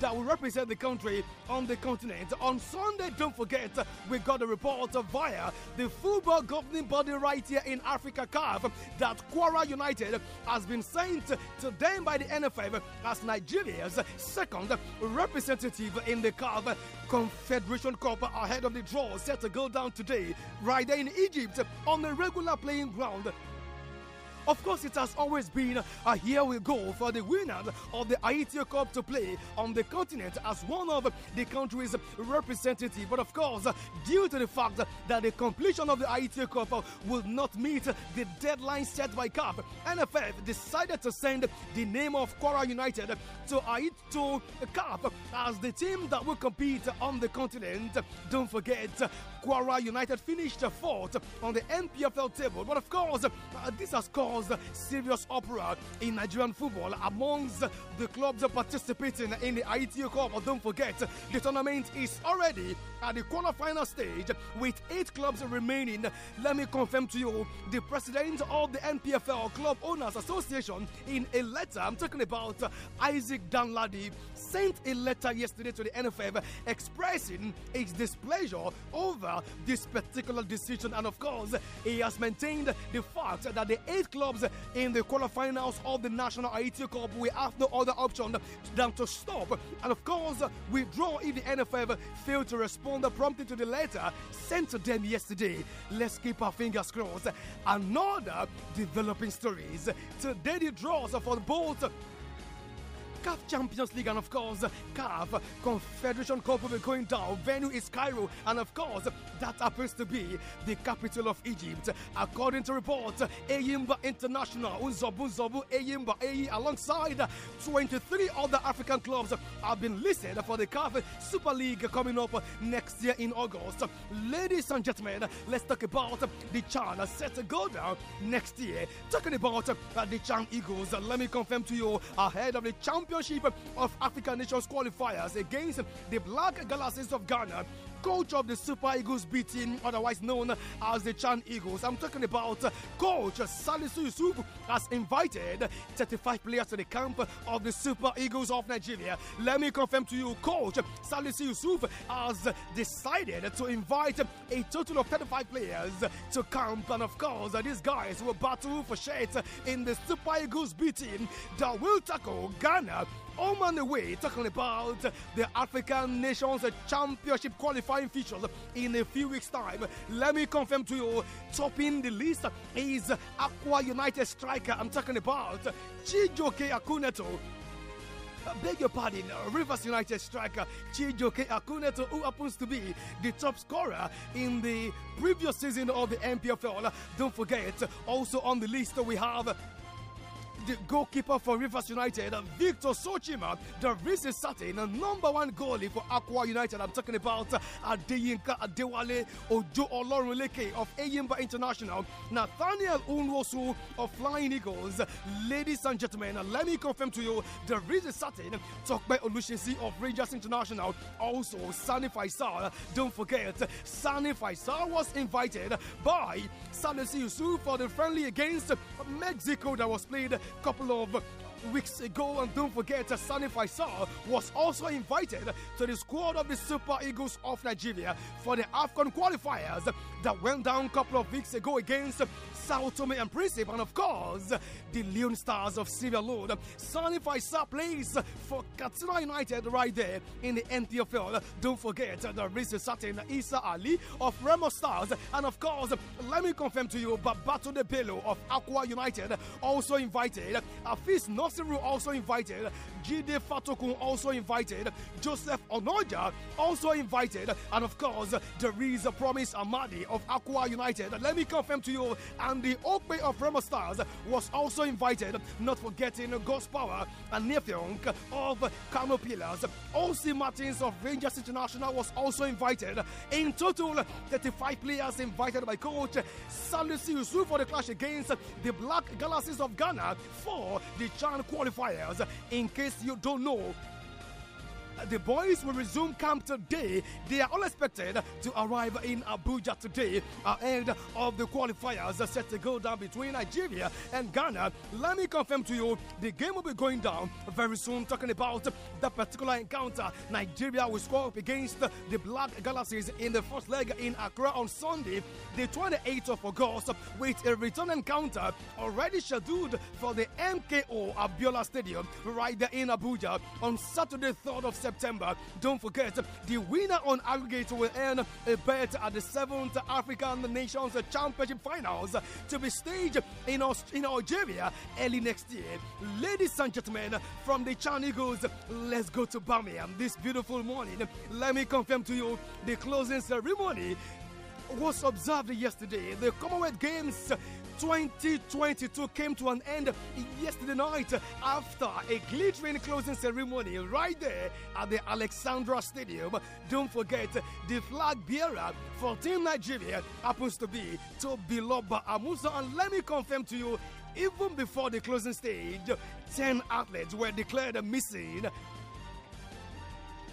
that will represent the country on the continent. On Sunday, don't forget, we got a report via the football governing body right here in Africa Cup that Quora United has been sent to them by the NFF as Nigeria's second representative in the Cup Confederation Cup ahead of the draw set to go down today right there in Egypt on a regular playing ground of course, it has always been a uh, here we go for the winners of the Haiti Cup to play on the continent as one of the country's representative. But of course, due to the fact that the completion of the Haiti Cup will not meet the deadline set by CAF, NFF decided to send the name of Quora United to Haiti Cup as the team that will compete on the continent. Don't forget, Quora United finished fourth on the NPFL table. But of course, uh, this has caused serious uproar in Nigerian football amongst the clubs participating in the ITU Cup. Don't forget, the tournament is already at the quarterfinal stage with eight clubs remaining. Let me confirm to you, the president of the NPFL Club Owners Association in a letter, I'm talking about Isaac Danladi, sent a letter yesterday to the NFF expressing his displeasure over this particular decision. And of course, he has maintained the fact that the eight clubs in the quarterfinals of the National Haiti Cup, we have no other option than to stop and, of course, withdraw if the NFF failed to respond promptly to the letter sent to them yesterday. Let's keep our fingers crossed. Another developing stories. Today, the draws for both CAF Champions League and of course CAF Confederation Cup will be going down. Venue is Cairo and of course that happens to be the capital of Egypt. According to reports, Ayimba International, Unzobu Zobu Ayimba Ayi alongside 23 other African clubs have been listed for the CAF Super League coming up next year in August. Ladies and gentlemen, let's talk about the Chan set to go down next year. Talking about the Chan Eagles, let me confirm to you ahead of the champion Championship of African Nations qualifiers against the Black Galaxies of Ghana coach of the Super Eagles B team, otherwise known as the Chan Eagles. I'm talking about uh, coach Salisu Yusuf has invited 35 players to the camp of the Super Eagles of Nigeria. Let me confirm to you, coach Salisu Yusuf has decided to invite a total of 35 players to camp, and of course, uh, these guys will battle for shit in the Super Eagles B team that will tackle Ghana home and away, talking about the African Nations Championship qualifying features in a few weeks' time. Let me confirm to you, topping the list is Aqua United striker. I'm talking about Chijoke Akuneto. beg your pardon, Rivers United striker Chijoke Akuneto, who happens to be the top scorer in the previous season of the MPFL. Don't forget, also on the list we have the goalkeeper for Rivers United, Victor Sochima, the reason certain, the number one goalie for Aqua United. I'm talking about uh, Adeyinka Adewale Ojo Olorunleke of Ayimba International, Nathaniel Unwosu of Flying Eagles. Ladies and gentlemen, let me confirm to you the reason talked by Olushesi of Rangers International, also Sani Faisal. Don't forget, Sani Faisal was invited by Sanusi Yusuf for the friendly against Mexico that was played couple of weeks ago, and don't forget Sani Faisal was also invited to the squad of the Super Eagles of Nigeria for the AFCON qualifiers that went down a couple of weeks ago against Sao Tome and Principe, and of course, the Leon Stars of Sierra Leone. Sani Faisal plays for Katsina United right there in the NTFL. Don't forget, there is a certain Isa Ali of Remo Stars, and of course, let me confirm to you, De Bello of Aqua United also invited. Afis no Austin Rule also invited Jide Fatokun also invited, Joseph Onoja also invited, and of course, there is a promise Amadi of Aqua United. Let me confirm to you, and the Okpe of Remo Stars was also invited, not forgetting Ghost Power and Nefiong of Kano Pillars. OC Martins of Rangers International was also invited. In total, 35 players invited by coach Salusi Yusuf for the clash against the Black Galaxies of Ghana for the Chan qualifiers. In case you don't know the boys will resume camp today. They are all expected to arrive in Abuja today ahead of the qualifiers set to go down between Nigeria and Ghana. Let me confirm to you the game will be going down very soon. Talking about that particular encounter, Nigeria will score up against the Black Galaxies in the first leg in Accra on Sunday, the 28th of August, with a return encounter already scheduled for the MKO Abiola Stadium right there in Abuja on Saturday, 3rd of September. September. Don't forget, the winner on aggregate will earn a bet at the 7th African Nations Championship Finals to be staged in, Aust- in Algeria early next year. Ladies and gentlemen, from the Chan Eagles, let's go to Birmingham this beautiful morning. Let me confirm to you the closing ceremony was observed yesterday. The Commonwealth Games 2022 came to an end yesterday night after a glittering closing ceremony right there at the Alexandra Stadium. Don't forget, the flag bearer for Team Nigeria happens to be Tobiloba Amusa. And let me confirm to you, even before the closing stage, 10 athletes were declared missing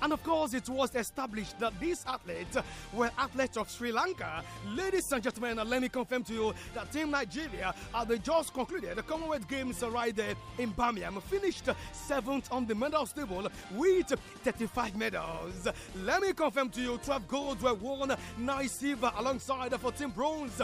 and of course, it was established that these athletes were athletes of Sri Lanka. Ladies and gentlemen, let me confirm to you that Team Nigeria, at the just concluded the Commonwealth Games right there in Birmingham, finished seventh on the medals table with 35 medals. Let me confirm to you, 12 golds were won, 9 silver alongside for Team Bronze.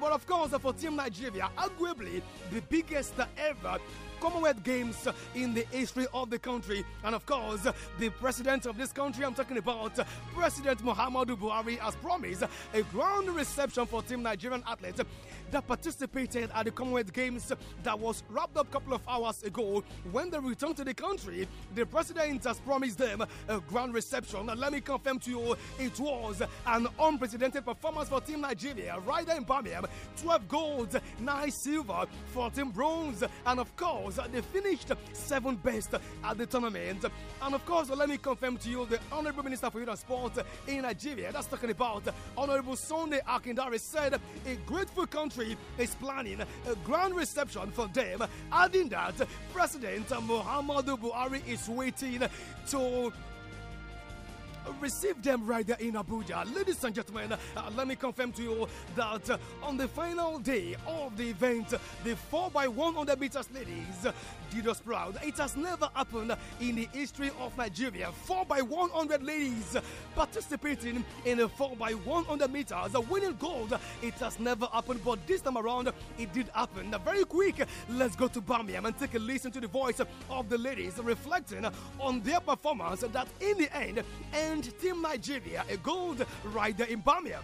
But of course, for Team Nigeria, arguably the biggest ever Commonwealth Games in the history of the country. And of course, the president of this country, I'm talking about President Muhammadu Buhari, has promised a grand reception for Team Nigerian athletes that participated at the Commonwealth Games that was wrapped up a couple of hours ago. When they returned to the country, the president has promised them a grand reception. Let me confirm to you, it was an unprecedented performance for Team Nigeria. Ryder in Birmingham, 12 gold, 9 silver, 14 bronze, and of course, they finished 7th best at the tournament. And of course, let me confirm to you, the Honorable Minister for Youth and Sport in Nigeria, that's talking about Honorable Sunday Akindare, said a grateful country is planning a grand reception for them, adding that President Muhammadu Buhari is waiting to receive them right there in Abuja. Ladies and gentlemen, uh, let me confirm to you that uh, on the final day of the event, the 4x100 meters ladies did us proud. It has never happened in the history of Nigeria. 4x100 ladies participating in a 4x100 meters, uh, winning gold. It has never happened, but this time around, it did happen. Very quick, let's go to Birmingham and take a listen to the voice of the ladies reflecting on their performance that in the end, end sent Team Nigeria a gold rider in Birmingham.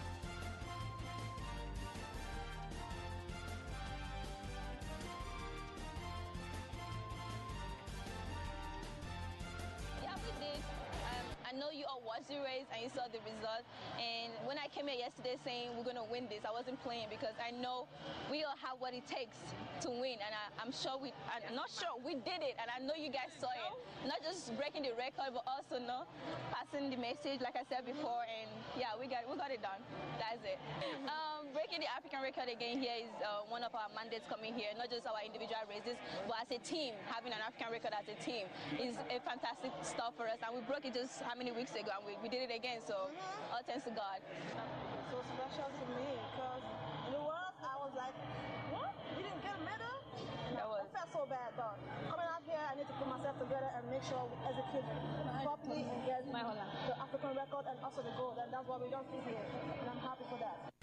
40 race and you saw the result. And when I came here yesterday saying we're going to win this, I wasn't playing because I know we all have what it takes to win. And I, am sure we, I'm not sure, we did it. And I know you guys saw it. Not just breaking the record, but also no, passing the message, like I said before. And yeah, we got, we got it done. That's it. Um, breaking the African record again here is uh, one of our mandates coming here, not just our individual races, but as a team, having an African record as a team is a fantastic stuff for us. And we broke it just how many weeks ago. We did it again, so mm-hmm. all thanks to God. It's so special to me because in the world I was like, what? You didn't get a medal? that I, was. I felt so bad though. Coming out here, I need to put myself together and make sure we execute properly and get the African record and also the gold, and that's what we don't see here. And I'm happy for that.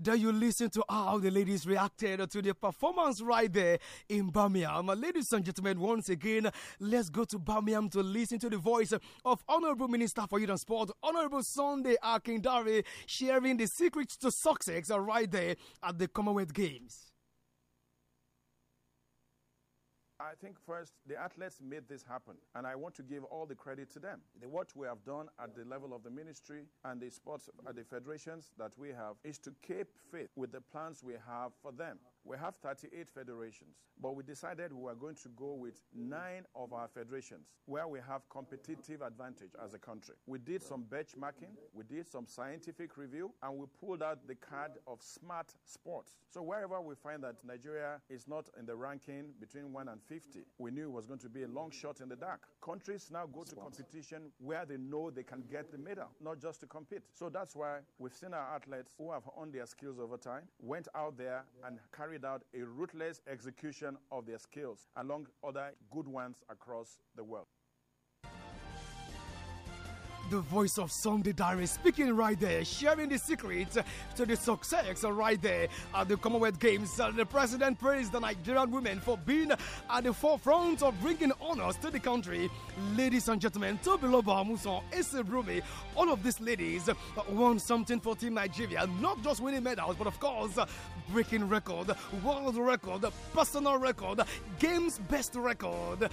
Then you listen to how the ladies reacted to the performance right there in Birmingham. Uh, ladies and gentlemen, once again, let's go to Birmingham to listen to the voice of Honorable Minister for Youth and Sport, Honorable Sunday Akindare, sharing the secrets to success uh, right there at the Commonwealth Games. I think first the athletes made this happen, and I want to give all the credit to them. The, what we have done at the level of the ministry and the sports at uh, the federations that we have is to keep faith with the plans we have for them. We have 38 federations, but we decided we were going to go with nine of our federations where we have competitive advantage as a country. We did some benchmarking, we did some scientific review, and we pulled out the card of smart sports. So wherever we find that Nigeria is not in the ranking between 1 and 50, we knew it was going to be a long shot in the dark. Countries now go to competition where they know they can get the medal, not just to compete. So that's why we've seen our athletes who have honed their skills over time, went out there and carried carried out a ruthless execution of their skills, along other good ones across the world. The voice of Sunday Diary speaking right there, sharing the secret to the success right there at the Commonwealth Games. Uh, the president praised the Nigerian women for being at the forefront of bringing honors to the country. Ladies and gentlemen, Loba Amuson, Ese Brumi, all of these ladies won something for Team Nigeria, not just winning medals, but of course breaking record, world record, personal record, game's best record.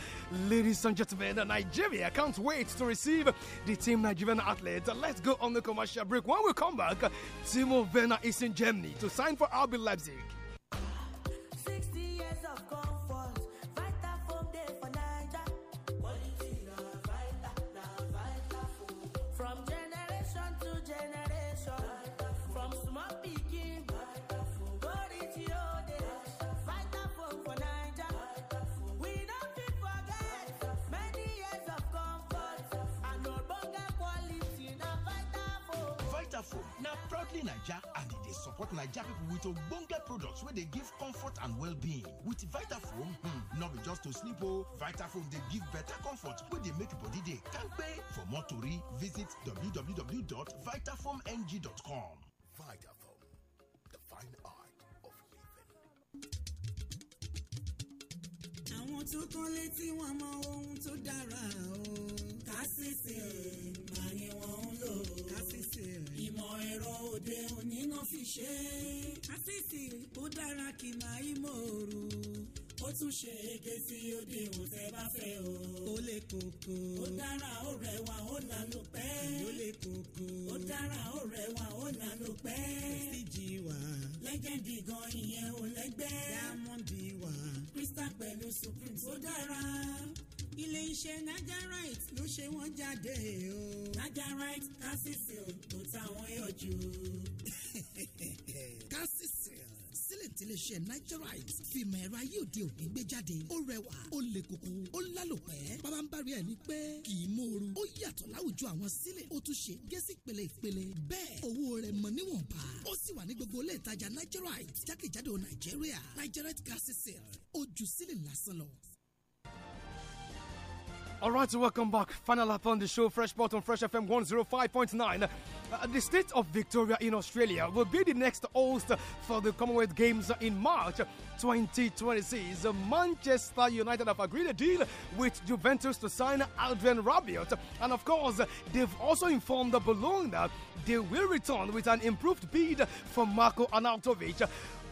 Ladies and gentlemen, Nigeria can't wait to receive the Team Nigerian athletes. Let's go on the commercial break. When we come back, Timo Werner is in Germany to sign for RB Leipzig. Nestle and they support Naija people with ogbonge products where they give comfort and well-being. With Vitafoam, hmm, no be just to sleep oh, Vitafoam they give better comfort where they make body dey kampe. For more visit www.vitafoamng.com. Vitafoam, the fine art of living. tó kán létí tó dára ìmọ̀ ẹ̀rọ òde òní náà fi ṣe é. àṣìṣe ó dára kì máa ń mòrò ó tún ṣe ege sí odi ìwò tẹ́ bá fẹ́ o. ó lè kókó. ó dára ó rẹwà ó là ló pẹ́. ó lè kókó. ó dára ó rẹwà ó là ló pẹ́. prestige wà. lẹ́gẹ̀dì gan ìyẹn ò lẹ́gbẹ́. diamond wà. crystal pẹ̀lú supreme ó dára ilé iṣẹ́ Nigerite ló ṣe wọ́n jáde o. Nigerite calcium tó táwọn yọjú. sílẹ̀ tí lè ṣe nigerite fìmọ̀ ẹ̀rọ ayé òde òní gbé jáde ó rẹwà ó le koko ó lálòpẹ́ bàbá ń bari ẹ̀ ní pẹ́ kì í mòoru ó yàtọ̀ láwùjọ àwọn sílẹ̀ ó tún ṣe gẹ́sì pèlè ìpèlè bẹ́ẹ̀ owó rẹ̀ mọ̀ níwọ̀nba ó sì wà ní gbogbo ilé ìtajà nigerite jákèjádò nàìjíríà nigerite gas sale ó ju sílẹ̀ lásán lọ All right, so welcome back. Final up on the show, Fresh Bottom, Fresh FM 105.9. Uh, the state of Victoria in Australia will be the next host for the Commonwealth Games in March 2026. Manchester United have agreed a deal with Juventus to sign Adrian Rabiot. And of course, they've also informed the Bologna they will return with an improved bid for Marco Arnautovic.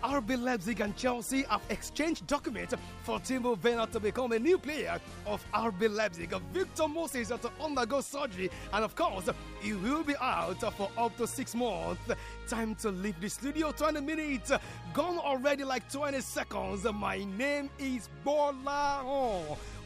RB Leipzig and Chelsea have exchanged documents for Timo Werner to become a new player of RB Leipzig. Victor Moses has to undergo surgery, and of course, he will be out for up to six months. Time to leave the studio. 20 minutes gone already, like 20 seconds. My name is Bola la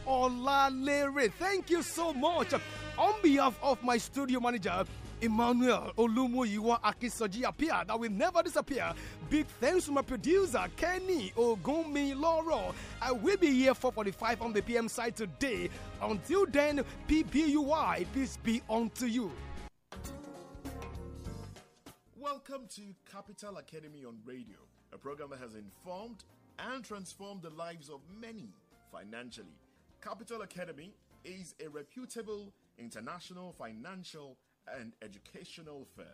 Olalere. Thank you so much on behalf of my studio manager. Emmanuel Olumoyiwa Akisoji, appear that will never disappear. Big thanks to my producer Kenny Ogumi Loro. I will be here 4:45 on the PM side today. Until then, PBUI, peace be unto you. Welcome to Capital Academy on Radio, a program that has informed and transformed the lives of many financially. Capital Academy is a reputable international financial and educational firm.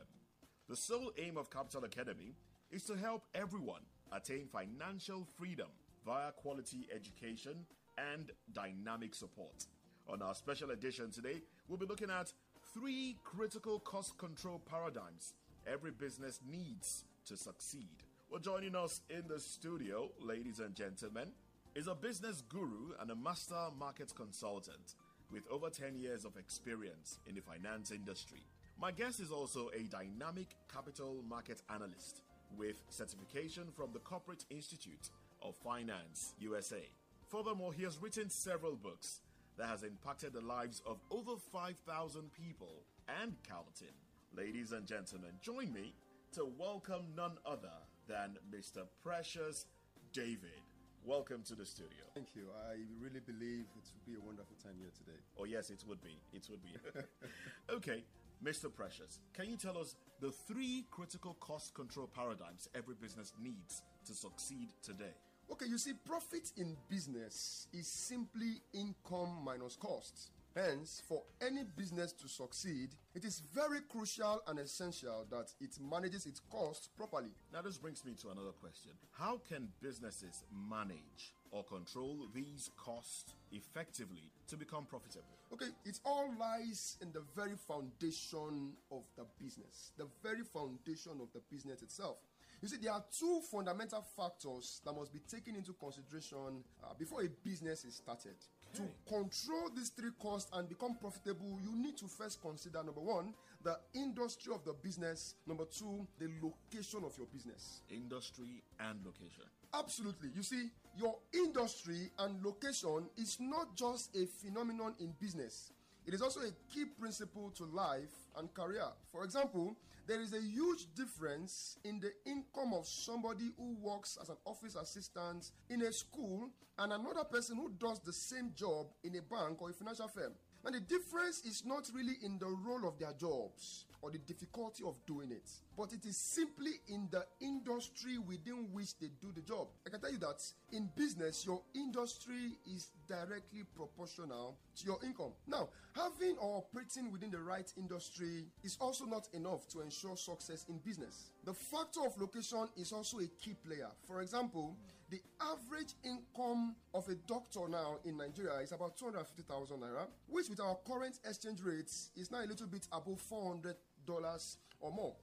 The sole aim of Capital Academy is to help everyone attain financial freedom via quality education and dynamic support. On our special edition today, we'll be looking at three critical cost control paradigms every business needs to succeed. Well, joining us in the studio, ladies and gentlemen, is a business guru and a master market consultant with over 10 years of experience in the finance industry. My guest is also a dynamic capital market analyst with certification from the Corporate Institute of Finance, USA. Furthermore, he has written several books that has impacted the lives of over 5,000 people and counting. Ladies and gentlemen, join me to welcome none other than Mr. Precious David welcome to the studio. Thank you. I really believe it would be a wonderful time here today. Oh, yes, it would be. It would be. okay, Mr. Precious, can you tell us the three critical cost control paradigms every business needs to succeed today? Okay, you see, profit in business is simply income minus costs. Hence, for any business to succeed, it is very crucial and essential that it manages its costs properly. Now, this brings me to another question How can businesses manage or control these costs effectively to become profitable? Okay, it all lies in the very foundation of the business, the very foundation of the business itself. You see, there are two fundamental factors that must be taken into consideration uh, before a business is started to control these three costs and become profitable, you need to first consider number one, the industry of the business, number two, the location of your business. Industry and location. Absolutely. You see, your industry and location is not just a phenomenon in business it is also a key principle to life and career. For example, there is a huge difference in the income of somebody who works as an office assistant in a school and another person who does the same job in a bank or a financial firm. And the difference is not really in the role of their jobs or the difficulty of doing it, but it is simply in the industry within which they do the job. I can tell you that in business, your industry is directly proportional to your income. Now, having or operating within the right industry is also not enough to ensure success in business. The factor of location is also a key player. For example, the average income of a doctor now in Nigeria is about 250,000 naira, which with our current exchange rates is now a little bit above 400 dollars or more.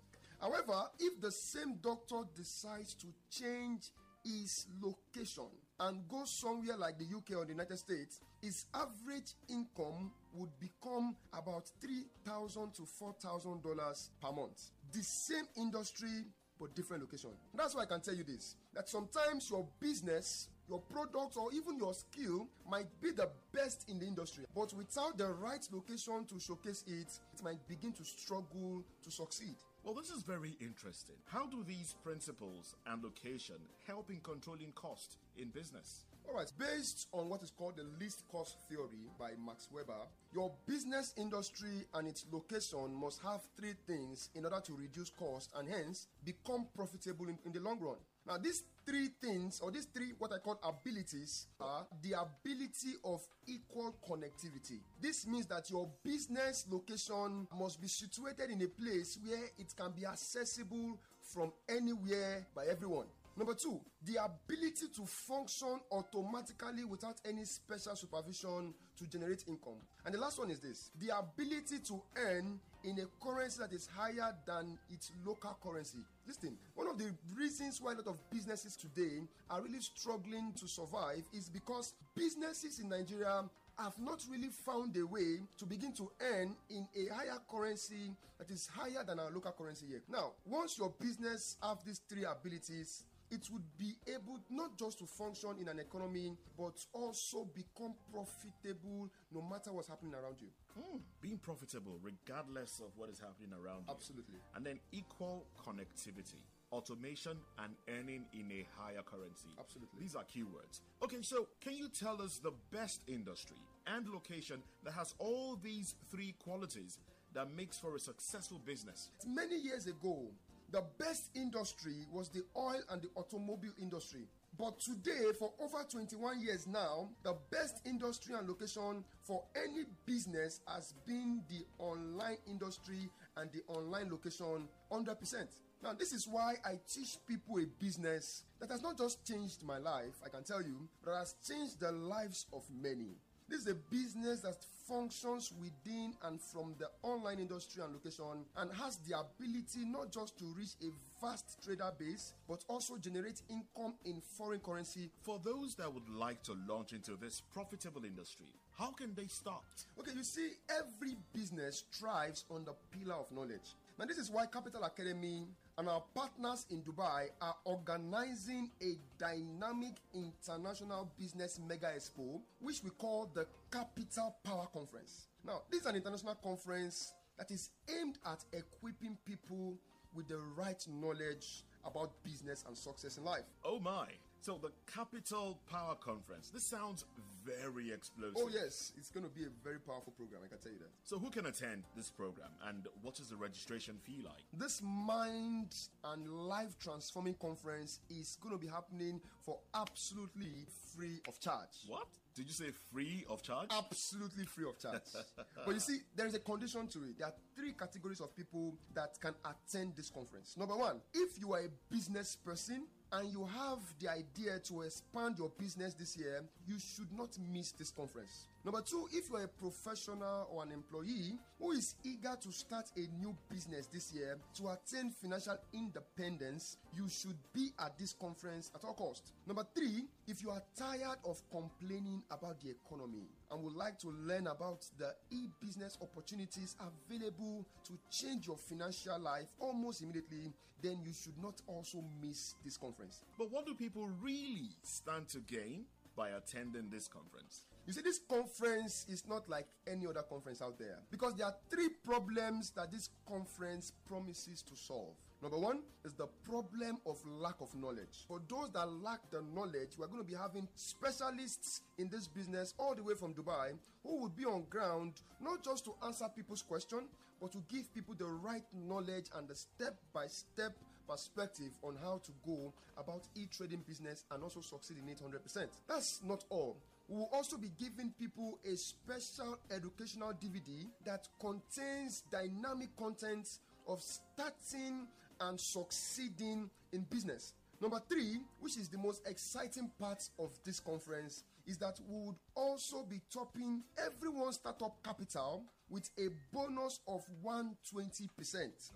However, if the same doctor decides to change his location and go somewhere like the UK or the United States, his average income would become about three thousand to four thousand dollars per month. The same industry, but different location. That's why I can tell you this that sometimes your business, your product, or even your skill might be the best in the industry, but without the right location to showcase it, it might begin to struggle to succeed. Well, this is very interesting. How do these principles and location help in controlling cost in business? All right, based on what is called the least cost theory by Max Weber, your business industry and its location must have three things in order to reduce cost and hence become profitable in, in the long run. Now, these three things, or these three what I call abilities, are the ability of equal connectivity. This means that your business location must be situated in a place where it can be accessible from anywhere by everyone. Number two, the ability to function automatically without any special supervision to generate income. And the last one is this the ability to earn in a currency that is higher than its local currency. Listen, one of the reasons why a lot of businesses today are really struggling to survive is because businesses in Nigeria have not really found a way to begin to earn in a higher currency that is higher than our local currency yet. Now, once your business have these three abilities, it would be able not just to function in an economy, but also become profitable no matter what's happening around you. Mm. Being profitable regardless of what is happening around Absolutely. you. Absolutely. And then equal connectivity automation and earning in a higher currency. Absolutely. These are keywords. Okay, so can you tell us the best industry and location that has all these three qualities that makes for a successful business? Many years ago, The best industry was the oil and the automobile industry. But today, for over 21 years now, the best industry and location for any business has been the online industry and the online location 100%. Now, this is why I teach people a business that has not just changed my life, I can tell you, but has changed the lives of many. This is a business that functions within and from the online industry and location and has the ability not just to reach a vast trader base but also generate income in foreign currency. For those that would like to launch into this profitable industry, how can they start? Okay, you see, every business thrives on the pillar of knowledge. Now, this is why Capital Academy and our partners in Dubai are organizing a dynamic international business mega expo, which we call the Capital Power Conference. Now, this is an international conference that is aimed at equipping people with the right knowledge about business and success in life. Oh my! So, the Capital Power Conference. This sounds very explosive. Oh, yes. It's going to be a very powerful program, I can tell you that. So, who can attend this program and what is the registration fee like? This mind and life transforming conference is going to be happening for absolutely free of charge. What? Did you say free of charge? Absolutely free of charge. but you see, there is a condition to it. There are three categories of people that can attend this conference. Number one, if you are a business person, and you have the idea to expand your business this year, you should not miss this conference. Number two, if you are a professional or an employee who is eager to start a new business this year to attain financial independence, you should be at this conference at all cost. Number three, if you are tired of complaining about the economy and would like to learn about the e-business opportunities available to change your financial life almost immediately, then you should not also miss this conference. But what do people really stand to gain by attending this conference? You see, this conference is not like any other conference out there because there are three problems that this conference promises to solve. Number one is the problem of lack of knowledge. For those that lack the knowledge, we're going to be having specialists in this business all the way from Dubai who would be on ground not just to answer people's questions but to give people the right knowledge and the step-by-step -step perspective on how to go about e-trading business and also succeed in it 100%. That's not all. We will also be giving people a special educational DVD that contains dynamic content of starting and succeeding in business. Number three, which is the most exciting part of this conference, is that we would also be topping everyone's startup capital with a bonus of 120%.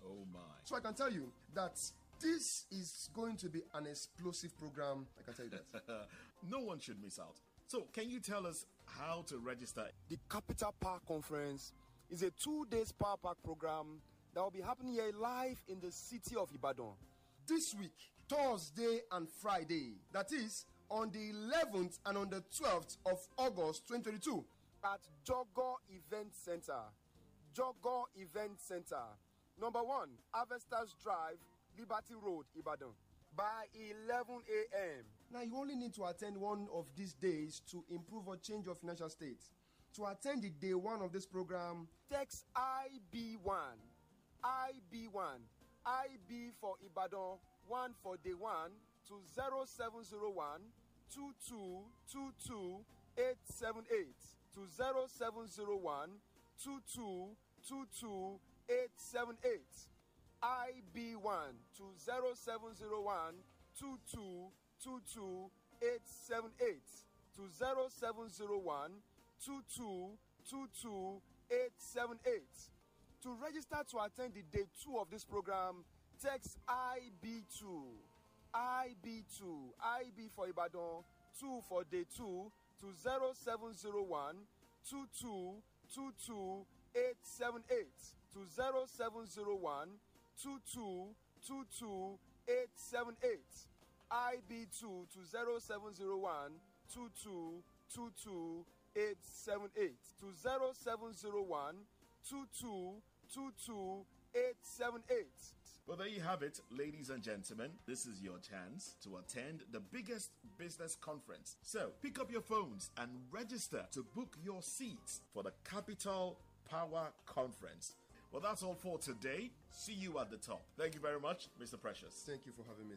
Oh my. So I can tell you that this is going to be an explosive program. I can tell you that. no one should miss out. So, can you tell us how to register? The Capital Park Conference is a two days Power Park program that will be happening here live in the city of Ibadan. This week, Thursday and Friday, that is on the 11th and on the 12th of August 2022, at Jogo Event Center. Jogo Event Center. Number one, Avestas Drive, Liberty Road, Ibadan. By 11 a.m., Now, you only need to attend one of these days to improve or change your financial state. To attend the day one of this program, text IB1, IB1, IB for Ibadan, one for day one to zero zero seven one two two two two eight seven eight to zero zero seven one two two two two eight seven eight IB1 to zero zero seven one two two two two eight seven eight to zero seven zero one two two two two eight seven eight. To register to attend the day two of this program, text IB2 IB2 IB for Ibadan two for day two to zero zero seven one two two two two eight seven eight to zero zero seven one two two two two eight seven eight. IB2 to 0701 to 0701 Well, there you have it, ladies and gentlemen. This is your chance to attend the biggest business conference. So pick up your phones and register to book your seats for the Capital Power Conference. Well, that's all for today. See you at the top. Thank you very much, Mr. Precious. Thank you for having me.